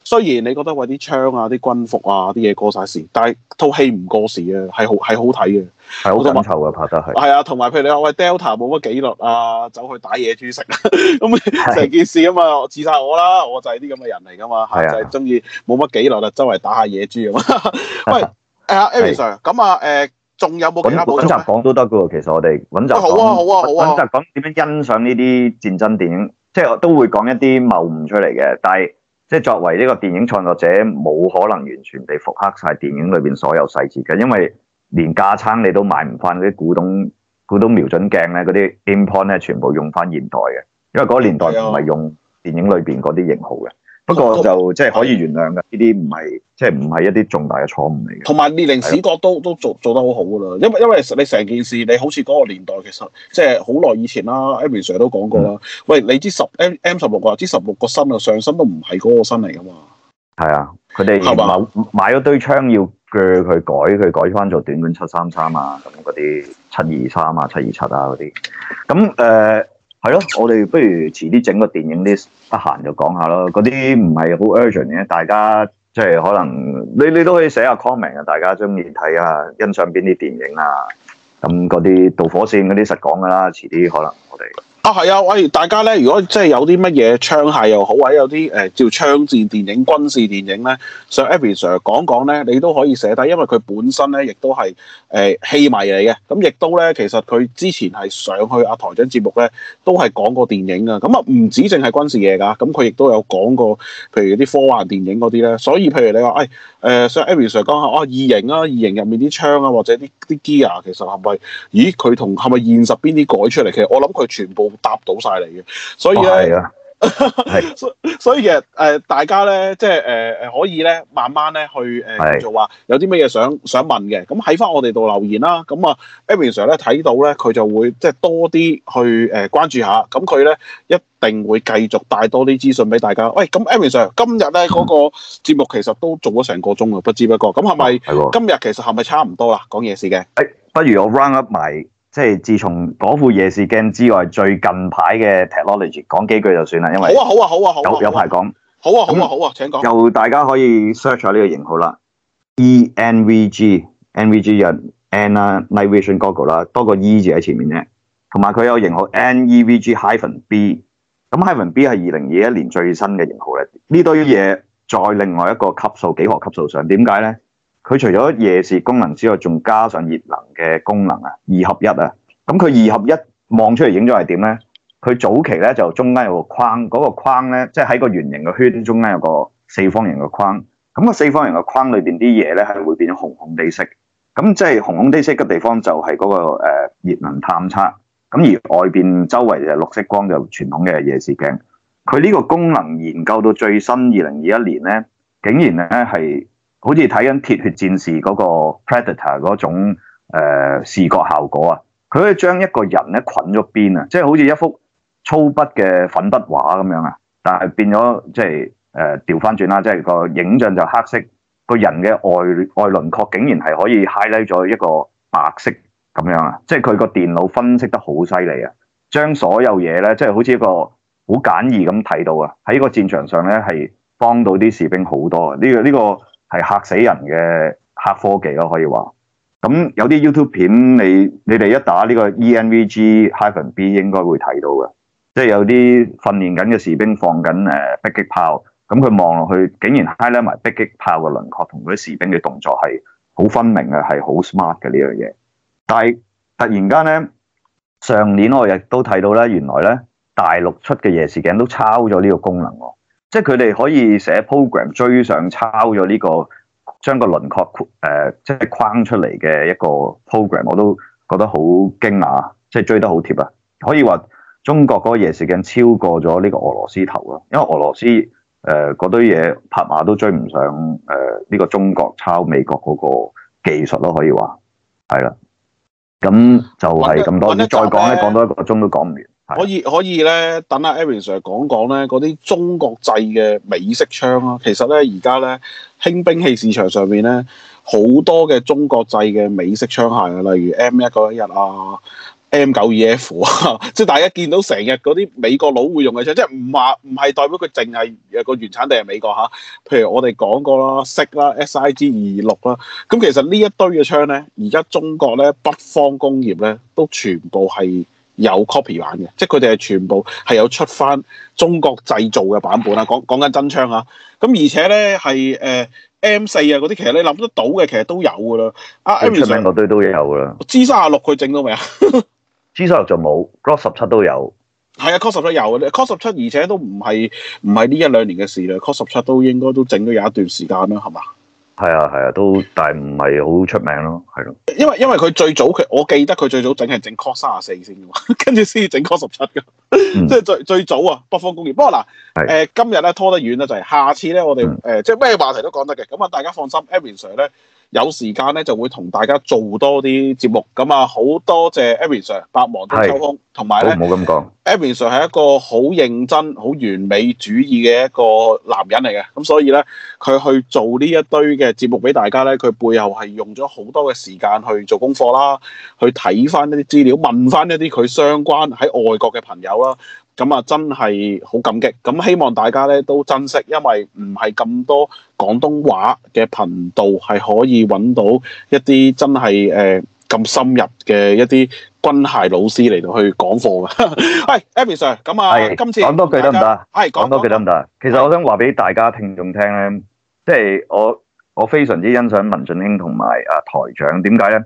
雖然你覺得喂啲槍啊、啲軍服啊、啲嘢過晒時，但係套戲唔過時啊，係好係好睇嘅，係好緊湊嘅拍得係。係啊，同埋譬如你話喂 Delta 冇乜紀律啊，走去打野豬食，咁成的件事啊嘛，刺殺我啦，我就係啲咁嘅人嚟㗎嘛，就係中意冇乜紀律啊，周圍打下野豬啊嘛。的 喂，誒阿 e r sir，咁啊誒，仲、呃、有冇其他講？揾雜講都得嘅，其實我哋好啊好啊好啊！揾雜、啊啊、講點樣欣賞呢啲戰爭電影即係都會講一啲謬誤出嚟嘅，但係，即係作為呢個電影創作者，冇可能完全地復刻晒電影裏面所有細節嘅，因為連架撐你都買唔返嗰啲古董古董瞄準鏡呢，嗰啲 Aimpoint 呢，全部用返現代嘅，因為嗰年代唔係用電影裏面嗰啲型號嘅。不過就即係可以原諒嘅，呢啲唔係即係唔係一啲重大嘅錯誤嚟嘅。同埋列寧史國都的都做做得好好噶啦，因為因為你成件事，你好似嗰個年代，其實即係好耐以前啦。Amy Sir 都講過啦，喂、欸，你知十 M 16, M 十六個，M 十六個身啊，上身都唔係嗰個身嚟噶嘛？係啊，佢哋買咗堆槍要鋸佢改，佢改翻做短短七三三啊，咁嗰啲七二三啊，七二七啊嗰啲。咁誒。呃係咯，我哋不如遲啲整個電影 list，得閒就講下咯。嗰啲唔係好 urgent 嘅，大家即係可能你你都可以寫下 comment 啊。大家中意睇啊，欣賞邊啲電影啊？咁嗰啲導火線嗰啲實講噶啦，遲啲可能我哋。係啊，啊！喂，大家咧，如果即係有啲乜嘢槍械又好，或者有啲誒叫槍戰電影、軍事電影咧，上 Edwin Sir 講講咧，你都可以寫低，因為佢本身咧亦都係誒、呃、戲迷嚟嘅。咁亦都咧，其實佢之前係上去阿、啊、台長節目咧，都係講過電影啊。咁啊，唔止淨係軍事嘢㗎，咁佢亦都有講過，譬如啲科幻電影嗰啲咧。所以，譬如你話，誒、哎。誒，所以、呃、Edwin Sir 講下，啊，異形啊，異形入面啲槍啊，或者啲啲 gear 機器、啊，其實係咪？咦，佢同係咪現實邊啲改出嚟？其實我諗佢全部答到晒嚟嘅，所以咧、啊。哦係， 是 所以其實誒，大家咧即係誒誒，可以咧慢慢咧去誒，就話有啲乜嘢想想問嘅，咁喺翻我哋度留言啦。咁啊，Edwin Sir 咧睇到咧，佢就會即係多啲去誒關注下。咁佢咧一定會繼續帶多啲資訊俾大家。喂，咁 Edwin Sir 今日咧嗰個節目其實都做咗成個鐘啊，不知不覺。咁係咪今日其實係咪差唔多啦？講嘢事嘅，誒，不如我 run up 埋。即係自從嗰副夜視鏡之外，最近排嘅 technology 講幾句就算啦，因為好啊好啊好啊好，有有排講，好啊好啊好啊，請講。又大家可以 search 下呢個型號啦 ENVG NVG 人 and Night Vision Goggle 啦，多個 E 字喺前面啫。同埋佢有型號 NEVG-hyphen、e、B，咁 hyphen B 係二零二一年最新嘅型號咧。呢堆嘢在另外一個級數幾何級數上，點解咧？佢除咗夜視功能之外，仲加上熱能嘅功能啊，二合一啊。咁佢二合一望出嚟影咗係點咧？佢早期咧就中間有個框，嗰、那個框咧即係喺個圓形嘅圈中間有個四方形嘅框。咁、那個四方形嘅框裏邊啲嘢咧係會變紅紅地色。咁即係紅紅地色嘅地方就係嗰、那個誒、呃、熱能探測。咁而外邊周圍嘅綠色光就是、傳統嘅夜視鏡。佢呢個功能研究到最新二零二一年咧，竟然咧係。好似睇緊《鐵血戰士》嗰個 Predator 嗰種誒視覺效果啊，佢可以將一個人咧捆咗邊啊，即係好似一幅粗筆嘅粉筆畫咁樣啊，但係變咗即係誒調返轉啦，即係個影像就黑色，個人嘅外外輪廓竟然係可以 highlight 咗一個白色咁樣啊，即係佢個電腦分析得好犀利啊，將所有嘢咧即係好似一個好簡易咁睇到啊，喺個戰場上咧係幫到啲士兵好多啊，呢個呢個。係嚇死人嘅黑科技咯，可以話。咁有啲 YouTube 片，你你哋一打呢個 E N V G hyphen B 應該會睇到嘅，即係有啲訓練緊嘅士兵放緊誒迫擊炮，咁佢望落去，竟然 highlight 埋迫擊炮嘅輪廓同佢啲士兵嘅動作係好分明嘅，係好 smart 嘅呢樣嘢。但係突然間呢，上年我亦都睇到呢，原來呢大陸出嘅夜視鏡都抄咗呢個功能喎。即係佢哋可以寫 program 追上抄咗呢、這個，將個輪廓誒、呃、即係框出嚟嘅一個 program，我都覺得好驚訝，即係追得好貼啊！可以話中國嗰個夜視鏡超過咗呢個俄羅斯頭咯，因為俄羅斯誒嗰、呃、堆嘢拍馬都追唔上誒呢、呃這個中國抄美國嗰個技術咯，可以話係啦。咁就係咁多，就是、再講咧講多一個鐘都講唔完。是可以可以咧，等阿 Aaron Sir 講講咧，嗰啲中國製嘅美式槍咯，啊。其實咧，而家咧輕兵器市場上面咧，好多嘅中國製嘅美式槍械嘅，例如 M 一九一啊、M 九二 F 啊，即、就、係、是、大家見到成日嗰啲美國佬會用嘅槍，即係唔話唔係代表佢淨係個原產地係美國嚇、啊。譬如我哋講過啦，式啦、SIG 二六啦，咁其實呢一堆嘅槍咧，而家中國咧北方工業咧都全部係。有 copy 版嘅，即係佢哋係全部係有出翻中國製造嘅版本啦。講講緊真槍啊，咁而且咧係誒 M 四啊嗰啲，其實你諗得到嘅，其實都有噶啦。啊，M 十六嗰堆都有啦、啊 G 三六佢整到未啊？G 三六就冇，G 十七都有。係啊，G 十七有嘅，G 十七而且都唔係唔係呢一兩年嘅事啦。G 十七都應該都整咗有一段時間啦，係嘛？係啊，係啊，都但係唔係好出名咯，係咯，因為因為佢最早佢我記得佢最早整係整 call 卅四先嘅，跟住先至整 call 十七嘅，嗯、即係最最早啊，北方工業。不過嗱，誒、呃、是今日咧拖得遠啦，就係、是、下次咧我哋誒、嗯呃、即係咩話題都講得嘅，咁啊大家放心，Edwin Sir 咧。有時間咧就會同大家做多啲節目咁啊，好多謝 Edwin Sir 百忙中，抽空，同埋咧，冇咁講 Edwin Sir 係一個好認真、好完美主義嘅一個男人嚟嘅，咁所以咧，佢去做呢一堆嘅節目俾大家咧，佢背後係用咗好多嘅時間去做功課啦，去睇翻一啲資料，問翻一啲佢相關喺外國嘅朋友啦。咁啊，真係好感激，咁希望大家咧都珍惜，因為唔係咁多廣東話嘅頻道係可以揾到一啲真係誒咁深入嘅一啲軍械老師嚟到去講課嘅。喂 Amy Sir，咁啊，是今次講多句得唔得？係講多句得唔得？是其實我想話俾大家聽眾聽咧，的即係我我非常之欣賞文進兄同埋啊台長，點解咧？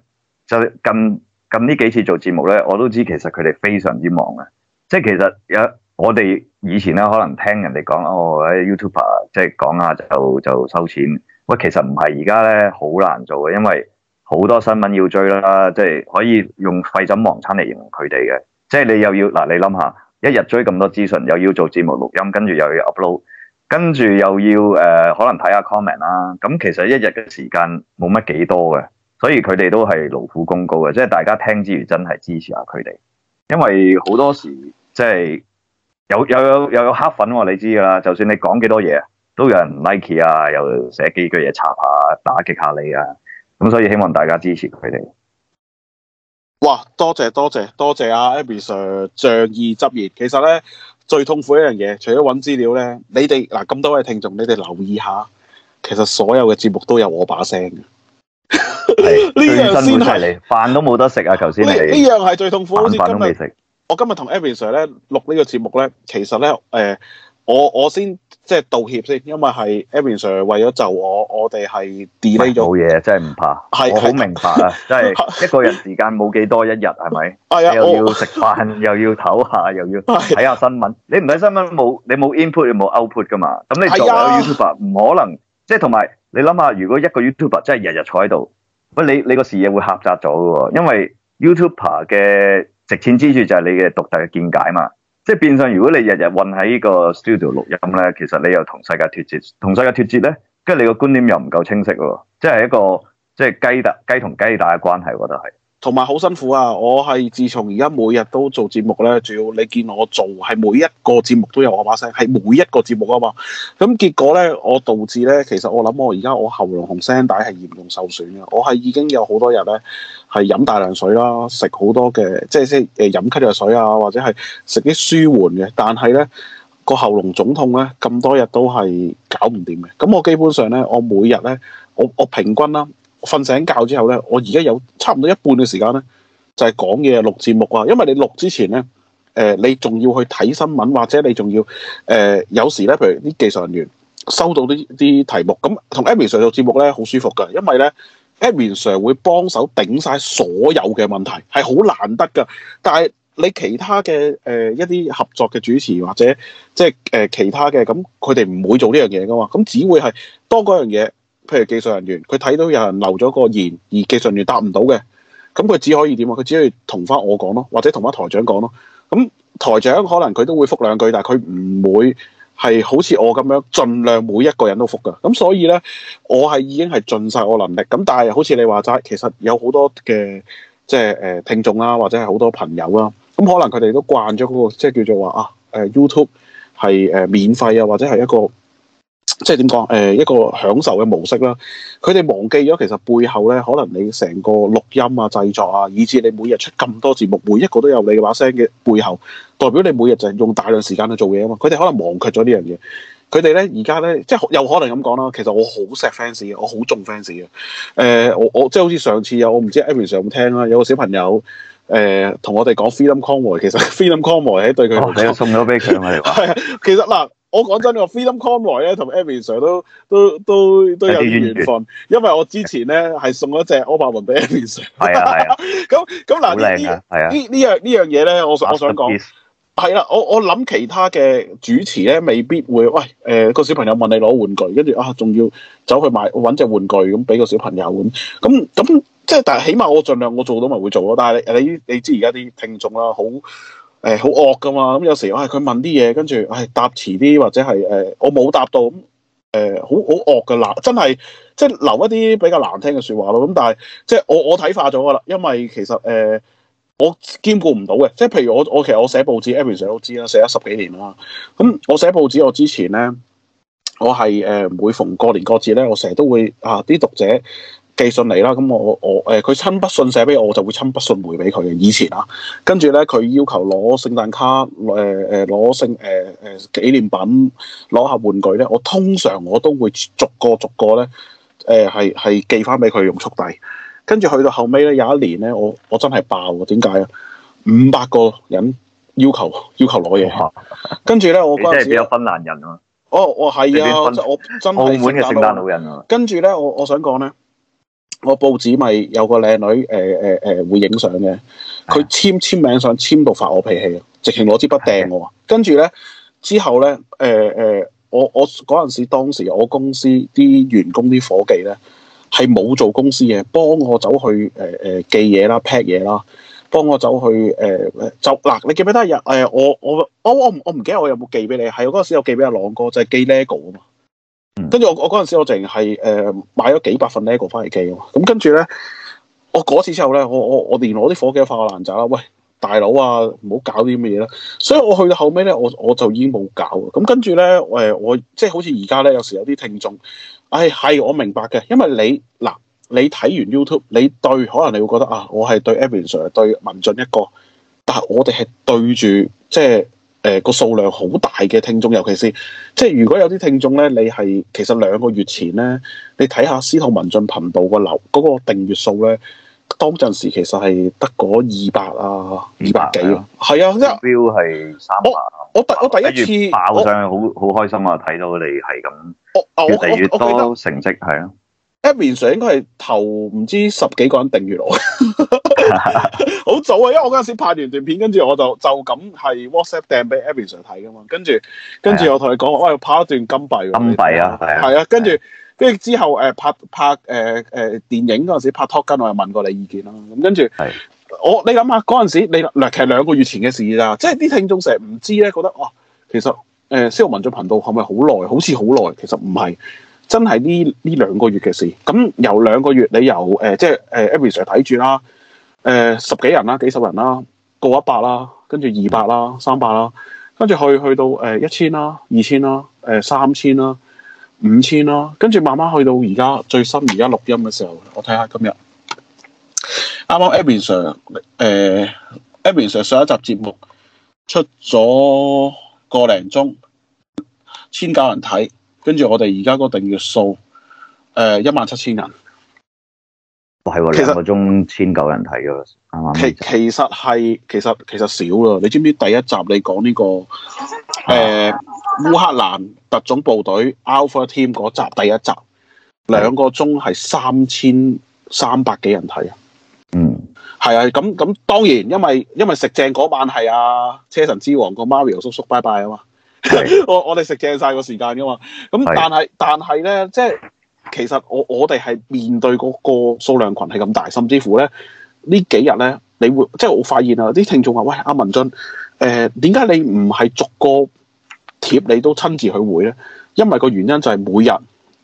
就近近呢幾次做節目咧，我都知其實佢哋非常之忙啊。即係其實有我哋以前咧，可能聽人哋講哦喺 YouTube 即係講下就就收錢。喂，其實唔係，而家咧好難做嘅，因為好多新聞要追啦，即係可以用廢寢忘餐嚟形容佢哋嘅。即係你又要嗱、啊，你諗下，一日追咁多資訊，又要做節目錄音，跟住又要 upload，跟住又要誒、呃、可能睇下 comment 啦、啊。咁其實一日嘅時間冇乜幾多嘅，所以佢哋都係勞苦功高嘅。即係大家聽之餘，真係支持下佢哋，因為好多時。即係有有有有有黑粉、啊，你知噶啦。就算你講幾多嘢，都有人 like 啊，又寫幾句嘢插下，打擊下你啊。咁所以希望大家支持佢哋。哇！多謝多謝多謝阿 Amy Sir 仗義執言。其實咧最痛苦一樣嘢，除咗揾資料咧，你哋嗱咁多位聽眾，你哋留意下，其實所有嘅節目都有我把聲呢樣先你，飯都冇得食啊！頭先你呢樣係最痛苦，晚飯都未食。我今日同 Edwin Sir 咧錄呢個節目咧，其實咧、呃，我我先即係道歉先，因為係 Edwin Sir 為咗就我，我哋係 delay 咗嘢，真係唔怕，我好明白啊！即係的一個人時間冇幾多， 一日係咪？又要食飯，又要唞下，又要睇下新聞。的你唔睇新聞冇，你冇 input，又冇 output 噶嘛？咁你作為 YouTuber 唔可，的可能，即係同埋你諗下，如果一個 YouTuber 真係日日坐喺度，喂你你個視野會狹窄咗喎，因為 YouTuber 嘅。值錢之處就係你嘅獨特嘅見解嘛，即係變相如果你日日混喺呢個 studio 錄音咧，其實你又同世界脫節，同世界脫節咧，跟住你個觀念又唔夠清晰喎，即係一個即係雞打雞同雞打嘅關係，我覺得係。同埋好辛苦啊！我係自從而家每日都做節目咧，主要你見我做係每一個節目都有我把聲，係每一個節目啊嘛。咁結果咧，我導致咧，其實我諗我而家我喉嚨同聲帶係嚴重受損嘅，我係已經有好多日咧。係飲大量水啦，食好多嘅，即係即係誒飲咳藥水啊，或者係食啲舒緩嘅。但係呢個喉嚨腫痛呢，咁多日都係搞唔掂嘅。咁我基本上呢，我每日呢，我我平均啦，瞓醒覺之後呢，我而家有差唔多一半嘅時間呢，就係講嘢錄節目啊。因為你錄之前呢，呃、你仲要去睇新聞，或者你仲要、呃、有時呢，譬如啲技術人員收到啲啲題目，咁同 Amy 上做節目呢，好舒服㗎，因為呢。Edwin 會幫手頂晒所有嘅問題，係好難得㗎。但係你其他嘅誒、呃、一啲合作嘅主持或者即係誒、呃、其他嘅咁，佢哋唔會做呢樣嘢㗎嘛。咁只會係多嗰樣嘢，譬如技術人員，佢睇到有人留咗個言，而技術人員答唔到嘅，咁佢只可以點啊？佢只可以同翻我講咯，或者同翻台長講咯。咁台長可能佢都會覆兩句，但係佢唔會。係好似我咁樣，盡量每一個人都覆㗎。咁所以呢，我係已經係盡晒我能力。咁但係好似你話齋，其實有好多嘅即係誒聽眾啦，或者係好多朋友啦。咁可能佢哋都慣咗嗰個即係叫做話啊 YouTube 係免費啊，或者係一個。即係點講？誒、呃、一個享受嘅模式啦。佢哋忘記咗其實背後咧，可能你成個錄音啊、製作啊，以至你每日出咁多節目，每一個都有你嘅把聲嘅背後，代表你每日就係用大量時間去做嘢啊嘛。佢哋可能忘卻咗呢樣嘢。佢哋咧而家咧，即係有可能咁講啦。其實我好錫 fans 嘅，我好中 fans 嘅。我我即係好似上次有，我唔知 Amy 上有冇聽啦。有個小朋友誒同、呃、我哋講 Freedom Convoy 其實 Freedom Convoy 對佢、哦，中你送咗俾佢 其實啦我講真個，我 Freedom Conway 咧同 Abby Sir 都都都都有緣分，全因為我之前咧係送咗隻 Opal Moon 俾 Abby Sir。 係啊，咁咁嗱呢呢呢樣呢樣嘢咧，我我想講係啦，我我諗其他嘅主持咧未必會喂誒個、呃、小朋友問你攞玩具，跟住啊仲要走去買搵隻玩具咁俾個小朋友咁咁咁，即係但係起碼我盡量我做到咪會做咯。但係你你你知而家啲聽眾啦，好。誒好惡噶嘛，咁有時，唉、哎、佢問啲嘢，跟住唉答遲啲或者係誒、呃、我冇答到，誒好好惡噶啦，真係即係留一啲比較難聽嘅説話咯。咁但係即係我我睇化咗噶啦，因為其實誒、呃、我兼顧唔到嘅，即係譬如我我其實我寫報紙，everyday 我都知啦，寫咗十幾年啊。咁、嗯、我寫報紙，我之前咧我係誒、呃、每逢過年過節咧，我成日都會啊啲讀者。寄信嚟啦，咁我我誒佢親筆信寫俾我，我就會親筆信回俾佢嘅。以前啊，跟住咧佢要求攞聖誕卡，誒誒攞聖誒誒紀念品，攞下玩具咧，我通常我都會逐個逐個咧，誒係係寄翻俾佢用速遞。跟住去到後尾咧，有一年咧，我我真係爆啊！點解啊？五百個人要求要求攞嘢，跟住咧我嗰陣時比較芬蘭人啊，哦我係啊，我真係，澳門嘅聖誕老人啊。跟住咧，我我想講咧。我報紙咪有個靚女誒誒誒會影相嘅，佢、呃呃呃、簽簽名相簽到發我脾氣，直情攞支筆掟我。跟住咧之後咧誒誒，我我嗰陣時當時我公司啲、呃、員工啲伙計咧係冇做公司嘅，幫我走去誒誒、呃呃、寄嘢啦、pack 嘢啦，幫我走去誒就嗱，你記唔記得有誒、呃、我我我我唔我唔記得我有冇寄俾你？係嗰陣時有寄俾阿朗哥，就係、是、寄 Lego 啊嘛。嗯、跟住我，嗰陣時我淨係誒買咗幾百份 Lego 翻嚟寄啊！咁、嗯、跟住咧，我嗰次之後咧，我我我連伙機我啲火機都發爛渣啦！喂，大佬啊，唔好搞啲咩嘢啦！所以我去到後尾咧，我我就已經冇搞咁、嗯、跟住咧，誒，我、呃、我即係好似而家咧，有時有啲聽眾，哎，係我明白嘅，因為你嗱，你睇完 YouTube，你對可能你會覺得啊，我係對 Edwin Sir 對文進一個，但係我哋係對住即係。誒個數量好大嘅聽眾，尤其是即係如果有啲聽眾咧，你係其實兩個月前咧，你睇下司徒文進頻道樓、那個流嗰個訂閱數咧，當陣時其實係得嗰二百啊，二百 500 幾啊，係啊，即目、啊、標係三百我我第第一次我爆上去，好好我開心啊！睇到你係咁越嚟越多成績，係啊。Abby 應該係頭唔知十幾個人訂閱我。 好 早啊，因為我嗰陣時拍完段片，跟住我就就咁係 WhatsApp 訂俾 Edwin Sir 睇噶嘛，跟住跟住我同你講，我係的、哎、拍一段金幣，金幣啊，係啊，係啊著，跟住跟住之後誒拍拍誒誒電影嗰陣時拍拖筋，我又問過你意見啦，咁跟住我你諗下嗰陣時候你，其實兩個月前嘅事啦，即係啲聽眾成日唔知咧，覺得哦、啊，其實誒，司徒文進頻道係咪好耐？好似好耐，其實唔係，真係呢呢兩個月嘅事。咁由兩個月，你由誒即係誒 Edwin Sir 睇住啦。呃、十幾人啦、啊，幾十人啦、啊，過一百啦、啊，跟住二百啦、啊，三百啦、啊，跟住去去到、呃、一千啦、啊，二千啦、啊呃，三千啦、啊，五千啦、啊，跟住慢慢去到而家最新而家錄音嘅時候，我睇下今日啱啱 a v b y r a b r 上一集節目出咗個零鐘，千九人睇，跟住我哋而家個訂月數一萬七千人。係，兩個鐘千九人睇噶，啱唔啱？其其實係，其實，是其，實其實少啦。你知唔知第一集你講呢、這個誒烏、 呃、克蘭特種部隊 Alpha Team 嗰集第一集，嗯、兩個鐘係三千三百幾人睇、嗯、啊。嗯，係啊。咁咁，當然因為因為食正嗰晚係啊，車神之王個 Mario 叔叔拜拜啊是 嘛。我我哋食正晒個時間噶嘛。咁是但係但係咧，即係。其實我我哋係面對嗰個數量群係咁大，甚至乎呢呢幾日呢，你會即係我發現啊啲聽眾話「喂阿文進，誒點解你唔係逐個貼你都親自去回呢？」因為個原因就係每日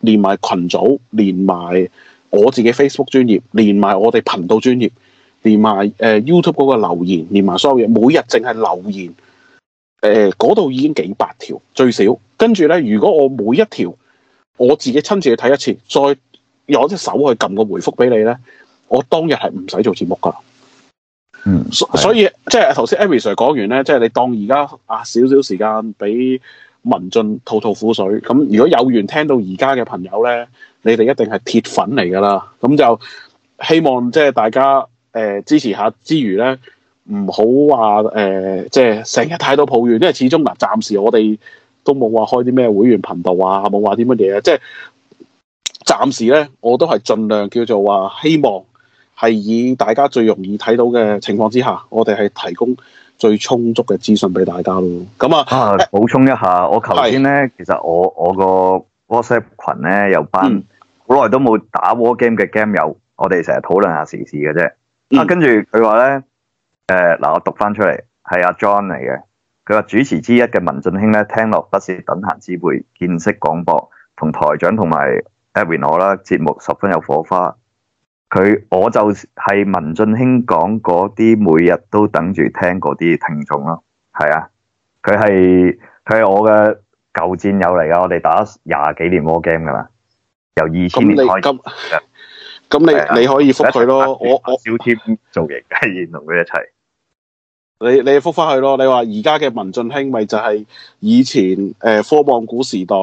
連埋群組，連埋我自己 Facebook 專業，連埋我哋頻道專業，連埋、呃、YouTube 嗰個留言，連埋所有嘢，每日淨係留言嗰度、呃、已經幾百條最少。跟住呢，如果我每一條我自己親自去睇一次，再攞隻手去撳個回覆俾你咧，我當日係唔使做節目噶。嗯，所以的即係頭先 AmySir 講完咧，即係你當而家啊少少時間俾文進吐吐苦水。咁如果有緣聽到而家嘅朋友咧，你哋一定係鐵粉嚟噶啦。咁就希望即係大家、呃、支持下之餘咧，唔好話呃、即係成日太多抱怨，因為始終嗱暫時我哋，都冇話開啲咩會員頻道啊，冇話啲乜嘢啊！即係暫時咧，我都係盡量叫做話，希望係以大家最容易睇到嘅情況之下，我哋係提供最充足嘅資訊俾大家咯。咁啊，啊，補充一下，我頭先咧，是其實我我個 WhatsApp 群咧有班好耐、嗯、都冇打 war game 嘅 game 友，我哋成日討論下時事嘅啫。嗯、啊，跟住佢話咧，誒、呃、嗱，我讀翻出嚟係阿 John 嚟嘅。佢話主持之一嘅文進興咧，聽落不是等閒之輩，見識廣博，同台長同埋 Edwin 我啦，節目十分有火花。佢我就係文進興講嗰啲，每日都等住聽嗰啲聽眾咯。係啊，佢係佢係我嘅舊戰友嚟㗎，我哋打廿幾年 war game 㗎啦，由二千年開始。咁你你，你可以覆佢咯，我我小天造型係同佢一齊。你你覆翻去咯，你話而家嘅文進興咪就係以前誒、呃、科網古時代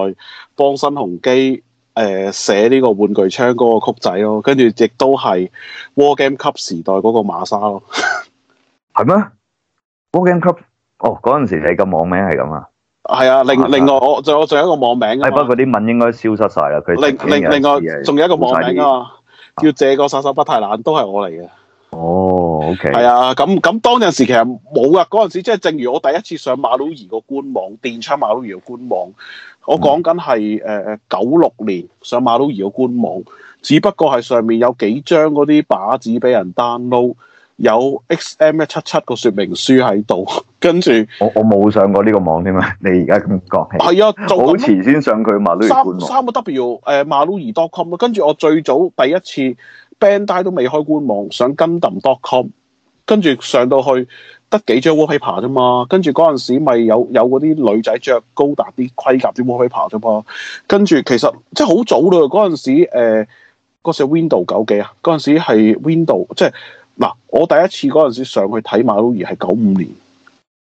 幫新鴻基誒寫呢個玩具槍嗰個曲仔咯，跟住亦都係 War Game Club 時代嗰個馬沙咯，係咩？War Game Club，哦，嗰陣時你，個網名係咁啊，係啊，另另外我再仲、啊、有，有一個網名，不過啲文應該消失晒啦，佢另另外仲有一個網名啊，叫借個殺手不太冷，都係我嚟嘅。哦，OK，係啊，咁咁當陣時其實冇噶，嗰陣時即係正如我第一次上馬路易個官網，電槍馬路易官網，我講緊係誒九六年上馬路易個官網，只不過係上面有幾張嗰啲靶紙俾人 download，有 X M 一七七個說明書喺度，跟住我我冇上過呢個網添嘛，你而家咁講。係啊，好遲先上佢嘛，三三個 W 誒、呃、馬路易 dotcom 咯，com，跟住我最早第一次。Bandai 都未開官網，上 Gundam.com 跟住上到去得幾張 Wallpaper 啫嘛，跟住嗰陣時咪有有嗰啲女仔着高達啲盔甲啲 Wallpaper 啫嘛。跟住其實即係好早咯，嗰陣時誒嗰、呃、時 Window 九幾啊，嗰陣時係 Window 即係嗱，我第一次嗰陣時上去睇馬騮兒係九五年，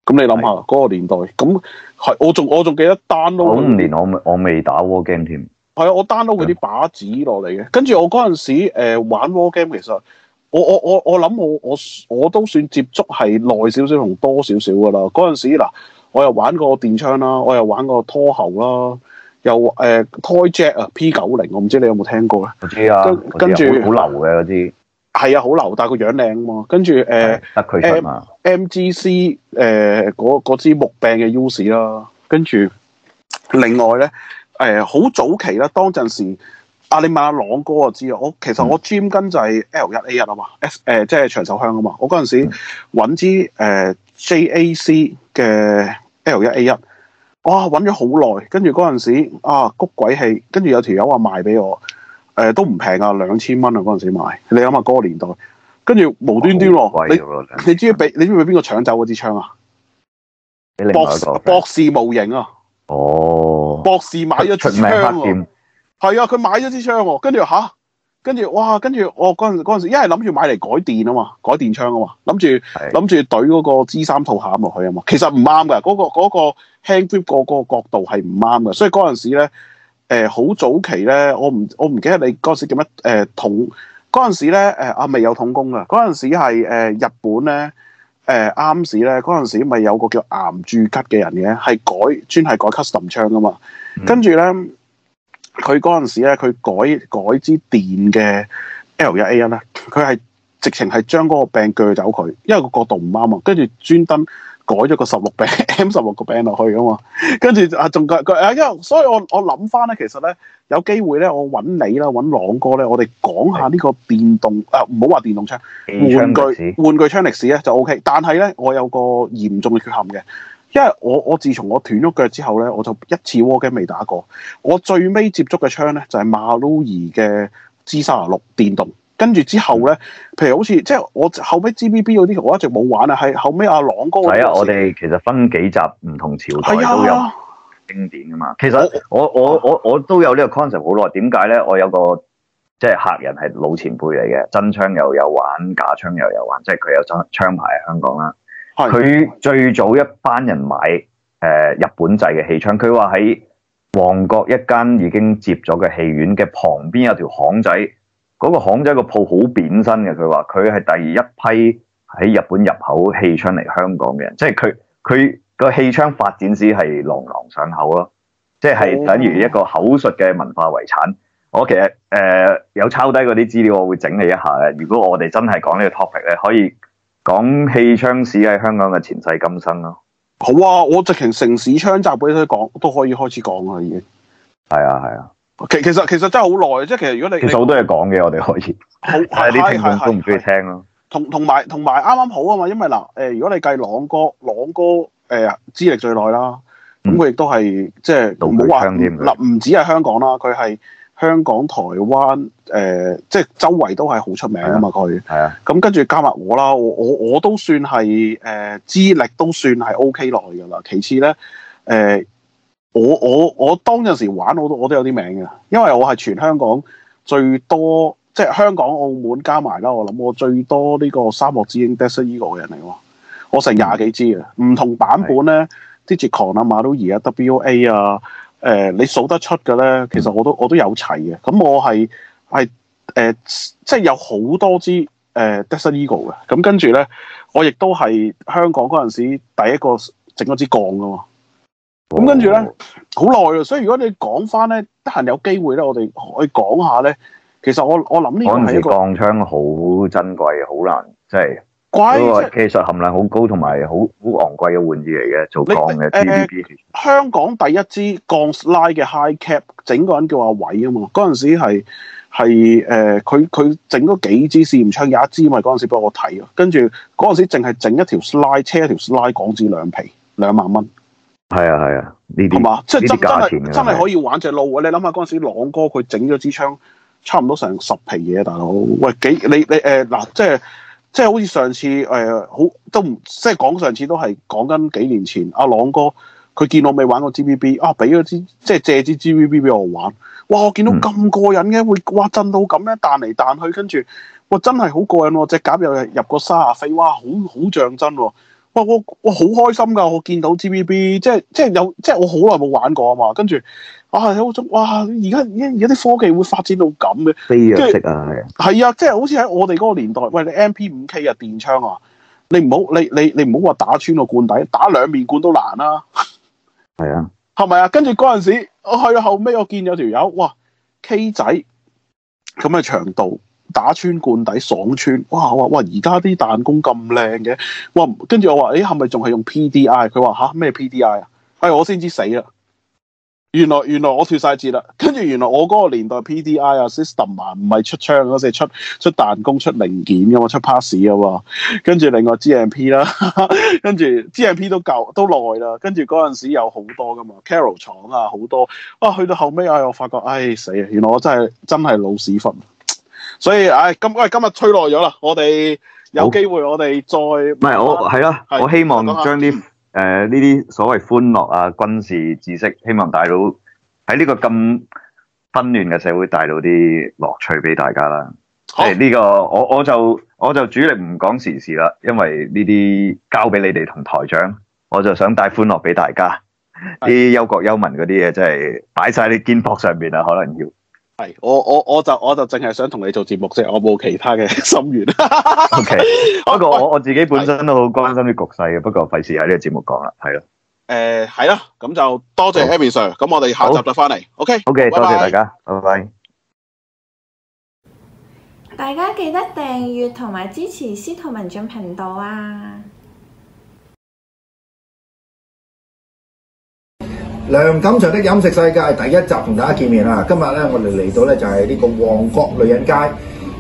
咁你諗下嗰個年代，咁係我仲我仲記得單咯、那個。九五年我我未打 Wargame 添。係啊，我 download 嗰啲靶子落嚟嘅，跟住我嗰陣時誒、呃、玩 war game，其實我我我我諗我我我都算接觸係耐少少同多少少噶啦。嗰陣時嗱、啊，我又玩個電槍啦，我又玩個拖喉啦，又誒開 j c k 啊 P 九零，我唔知你有冇聽過咧、啊？我知啊，跟住好流嘅嗰啲係啊，好流，但係個樣靚啊嘛。跟住誒，佢 m g c 誒、呃、嗰支木柄嘅 U 士啦，跟住另外咧。誒，好、呃、早期啦，當陣時阿、啊、你問阿朗哥就知啊。我其實我 Gem 跟就係 L1A1 啊嘛，誒、呃、即係長壽香啊嘛。我嗰陣時揾支誒、呃、JAC 嘅 L1A1、啊，哇揾咗好耐。跟住嗰陣時啊谷鬼氣，跟住有條友話賣俾我，誒、呃、都唔平啊，兩千蚊啊嗰陣時賣。你諗下嗰個年代，跟住無端端，端你你知唔知俾你知唔知邊個搶走嗰支槍啊？博博士模型啊！哦。博士買咗支出名，喎，係啊，佢買咗支槍喎，跟住吓、啊，跟住哇，跟住我嗰陣嗰陣時，一係諗住買嚟改電啊嘛，改電槍啊嘛，諗住諗住懟嗰個 G3 套下落去啊嘛，其實唔啱噶，嗰、那個嗰、那個 hand grip 個嗰個角度係唔啱噶，所以嗰陣時咧，誒、呃，好早期咧，我唔我唔記得你嗰時叫乜誒筒，嗰、呃、陣時咧誒，阿、呃、未有筒工噶，嗰陣時係誒、呃、日本咧。誒啱、呃、時咧，嗰陣時咪有個叫癌住咳嘅人嘅，係改專係改 custom 槍噶嘛。嗯、跟住咧佢嗰陣時咧，佢改改支電嘅 L1A1 咧，佢係直情係將嗰個病鋸走佢，因為個角度唔啱啊，跟住專登。改咗個十六餅 M 十六個柄落去啊嘛，跟住啊仲加佢啊，因為所以我我諗翻咧，其實咧有機會咧，我揾你啦，揾朗哥咧，我哋講下呢個電動啊，唔好話電動槍，玩具槍玩具槍歷史咧就 OK，但係咧我有個嚴重嘅缺陷嘅，因為我我自從我斷咗腳之後咧，我就一次 war game 未打過，我最尾接觸嘅槍咧就係、是、Marui 嘅 G 三十六電動。跟住之後咧，譬如好似即係我後尾 G B B 嗰啲，我一直冇玩啊，係後尾阿朗哥。係啊，我哋其實分幾集唔同朝代都有經典㗎嘛。啊、其實我我我我都有個呢個 concept 好耐。點解咧？我有個即係客人係老前輩嚟嘅，真槍又有玩，假槍又有玩，即係佢有揸槍牌喺香港啦。佢的最早一班人買、呃、日本製嘅氣槍，佢話喺旺角一間已經接咗嘅戲院嘅旁邊有條巷仔。嗰個行仔個鋪好扁身嘅，佢話佢係第一批喺日本入口氣槍嚟香港嘅人，即係佢佢個氣槍發展史係朗朗上口咯，即係等於一個口述嘅文化遺產。哦、我其實誒、呃、有抄低嗰啲資料，我會整理一下嘅。如果我哋真係講呢個 topic 咧，可以講氣槍史喺香港嘅前世今生咯。好啊，我直情城市槍集都畀佢講，都可以開始講啦，已經。係啊，係啊。其其實其實真係好耐，即係其實如果你其實好多嘢講嘅，我哋可以，好，係啲聽眾中唔中意聽咯？同同埋同埋啱啱好啊嘛，因為嗱，誒、呃，如果你計朗哥，朗哥誒資歷最耐啦，咁佢亦都係即係冇話嗱，唔止係香港啦，佢係香港、台灣，誒、呃，即係周圍都係好出名啊嘛，佢係啊，咁佢、啊、跟住加埋我啦，我我我都算係誒資歷都算係 OK 耐噶啦，其次咧，誒、呃。我我我當陣時玩我都我都有啲名嘅，因為我係全香港最多，即係香港澳門加埋啦。我諗我最多呢個沙漠之鷹、嗯、Desert Eagle 嘅人嚟喎，嗯、我成廿幾支啊，唔、嗯、同版本咧，Digicon 啊、Marui 啊、W A 啊、呃，你數得出嘅咧，嗯、其實我都我都有齊嘅。咁我係係、呃、即係有好多支、呃、Desert Eagle 嘅。咁跟住咧，我亦都係香港嗰陣時第一個整咗支鋼噶嘛。咁、嗯、跟住咧，好耐啦，所以如果你講翻咧，得閒有機會咧，我哋可以講下咧。其實我我諗呢個係一個鋼槍，好珍貴，好難，即係貴，技術含量好高，同埋好好昂貴嘅玩意嚟嘅，做鋼嘅 TDP。香港第一支鋼拉嘅 High Cap，整個人叫阿偉啊嘛。嗰陣時係係誒，佢佢整咗幾支試驗槍，有一支咪嗰陣時畀我睇啊。跟住嗰陣時淨係整一條拉車，一條拉港紙兩皮，兩萬蚊。係啊，係啊，呢啲係嘛？即係吧真真係、啊、真係可以玩只路嘅。啊、你諗下嗰陣時，朗哥佢整咗支槍，差唔多成十皮嘢，大佬喂，幾你你誒嗱、呃，即係即係好似上次誒、呃、好都唔即係講上次，都係講緊幾年前，阿朗哥佢見到我未玩過 GBB 啊，俾咗支即係借支 GBB 俾我玩，哇！我見到咁過癮嘅，嗯、會哇震到咁樣彈嚟彈去，跟住哇真係好過癮喎，隻夾又入個沙啊，飛，哇！好好像真喎。哇！我我好開心㗎，我見到 TVB，即係即係有，即係我好耐冇玩過啊嘛。跟住啊，有種哇！而家而而家啲科技會發展到咁嘅飛躍式啊，係啊著的，即係好似喺我哋嗰個年代，喂，你 MP5K 啊，電槍啊，你唔好你你你唔好話打穿個罐底，打兩面罐都難啦。係啊，係咪啊？跟住嗰陣時，我去到後尾，我見有條友哇，K 仔咁嘅長度。打穿罐底，爽穿！哇哇哇！而家啲彈弓咁靚嘅，哇！跟住我話，誒、欸，係咪仲係用 PDI？佢話吓咩 PDI 啊？哎、我先知死啦！原來原來我脫晒節啦！跟住原來我嗰個年代 PDI 啊 system 啊，唔係出槍嗰時出出彈弓出零件噶嘛，出 pass 嘅喎。跟住另外 GMP 啦，跟住 GMP 都舊都耐啦。跟住嗰陣時有好多噶嘛，Carol 廠啊，好 多，啊，多啊。去到後尾，啊、哎，我發覺，哎死啊！原來我真係真係老屎忽。所以，唉、哎，今喂今日吹耐咗啦，我哋有機會我再看看我是，我哋再唔係我係咯，我希望將啲誒呢啲所謂歡樂啊、軍事知識，希望帶到喺呢個咁紛亂嘅社會，帶到啲樂趣俾大家啦。好呢、呢個，我我就我就主力唔講時事啦，因為呢啲交俾你哋同台長，我就想帶歡樂俾大家。啲憂是國憂民嗰啲嘢真係擺晒啲肩膊上邊啊，可能要。係，我我我就我就淨係想同你做節目啫，我冇其他嘅心願。 o、okay, K，不過我我自己本身都好關心啲局勢嘅，不過費事喺呢個節目講啦，係咯。誒、呃，係咁就多謝 Amy Sir，咁好我哋下集再翻嚟。O K，o K，多謝大家，拜拜。大家記得訂閱同埋支持司徒文進頻道啊！梁錦祥的飲食世界第一集同大家見面啦！今日咧我哋嚟到咧就係呢個旺角女人街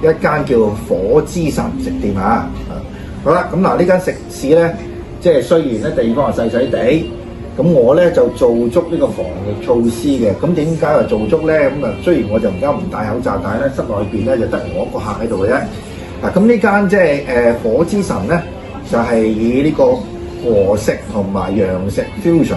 一間叫火之神食店啊！好啦，咁嗱呢間食肆咧，即係雖然咧地方係細細地，咁我咧就做足呢個防疫措施嘅。咁點解話做足咧？咁啊雖然我就而家唔戴口罩，但係咧室內邊咧就得我一個客喺度嘅啫。嗱，咁呢間即係誒火之神咧，就係以呢個和食同埋洋食 fusion。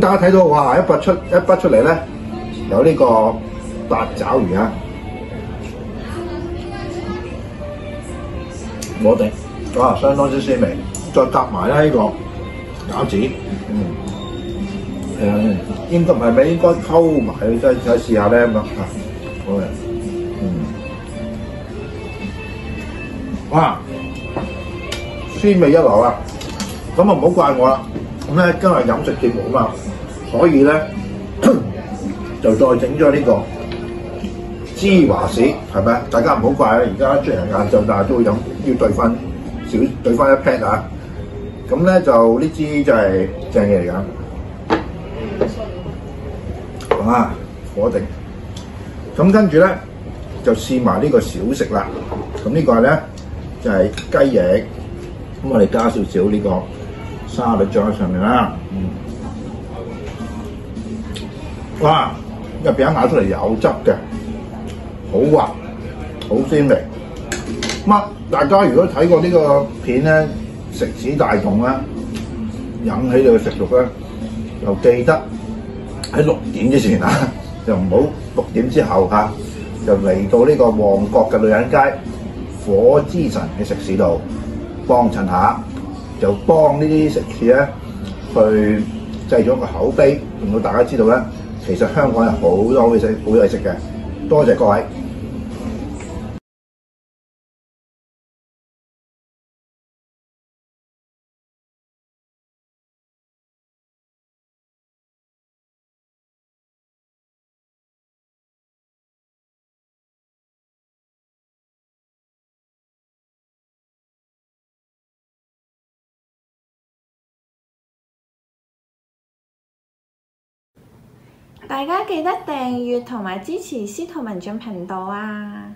大家睇到一筆出來一筆出嚟，有呢個八爪魚啊，我、嗯、相當之鮮味，再夾埋咧呢個餃子，嗯，係啊、嗯嗯，應該唔係咩，應該溝埋，再試下呢，咁好嘅，哇，鮮味一流啊，不要唔好怪我啦。咁咧今日飲食節目啊嘛，所以咧就再整咗呢個芝華士，係咪大家唔好怪啊！而家雖然晏晝，但係都飲要兌翻少兌翻一 pat 啊！咁咧就呢支就係正嘢嚟㗎。咁嘛？火定。咁跟住咧就試埋呢個小食啦。咁呢個咧就係、係、雞翼。咁我哋加少少呢、呢個。沙律醬喺上面啦，嗯，哇，哇，個餅咬出嚟有汁嘅，好滑，好鮮味。乜大家如果睇過呢個片咧，食指大動咧，引起你嘅食慾咧，就記得喺六點之前啊，就唔好六點之後嚇，就嚟到呢個旺角嘅女人街火之神嘅食肆度幫襯下。就幫這些呢啲食肆咧，去製咗個口碑，令到大家知道呢，其實香港有很多好多嘅食，好嘢食嘅。多謝各位。大家記得訂閱同埋支持司徒文進頻道啊！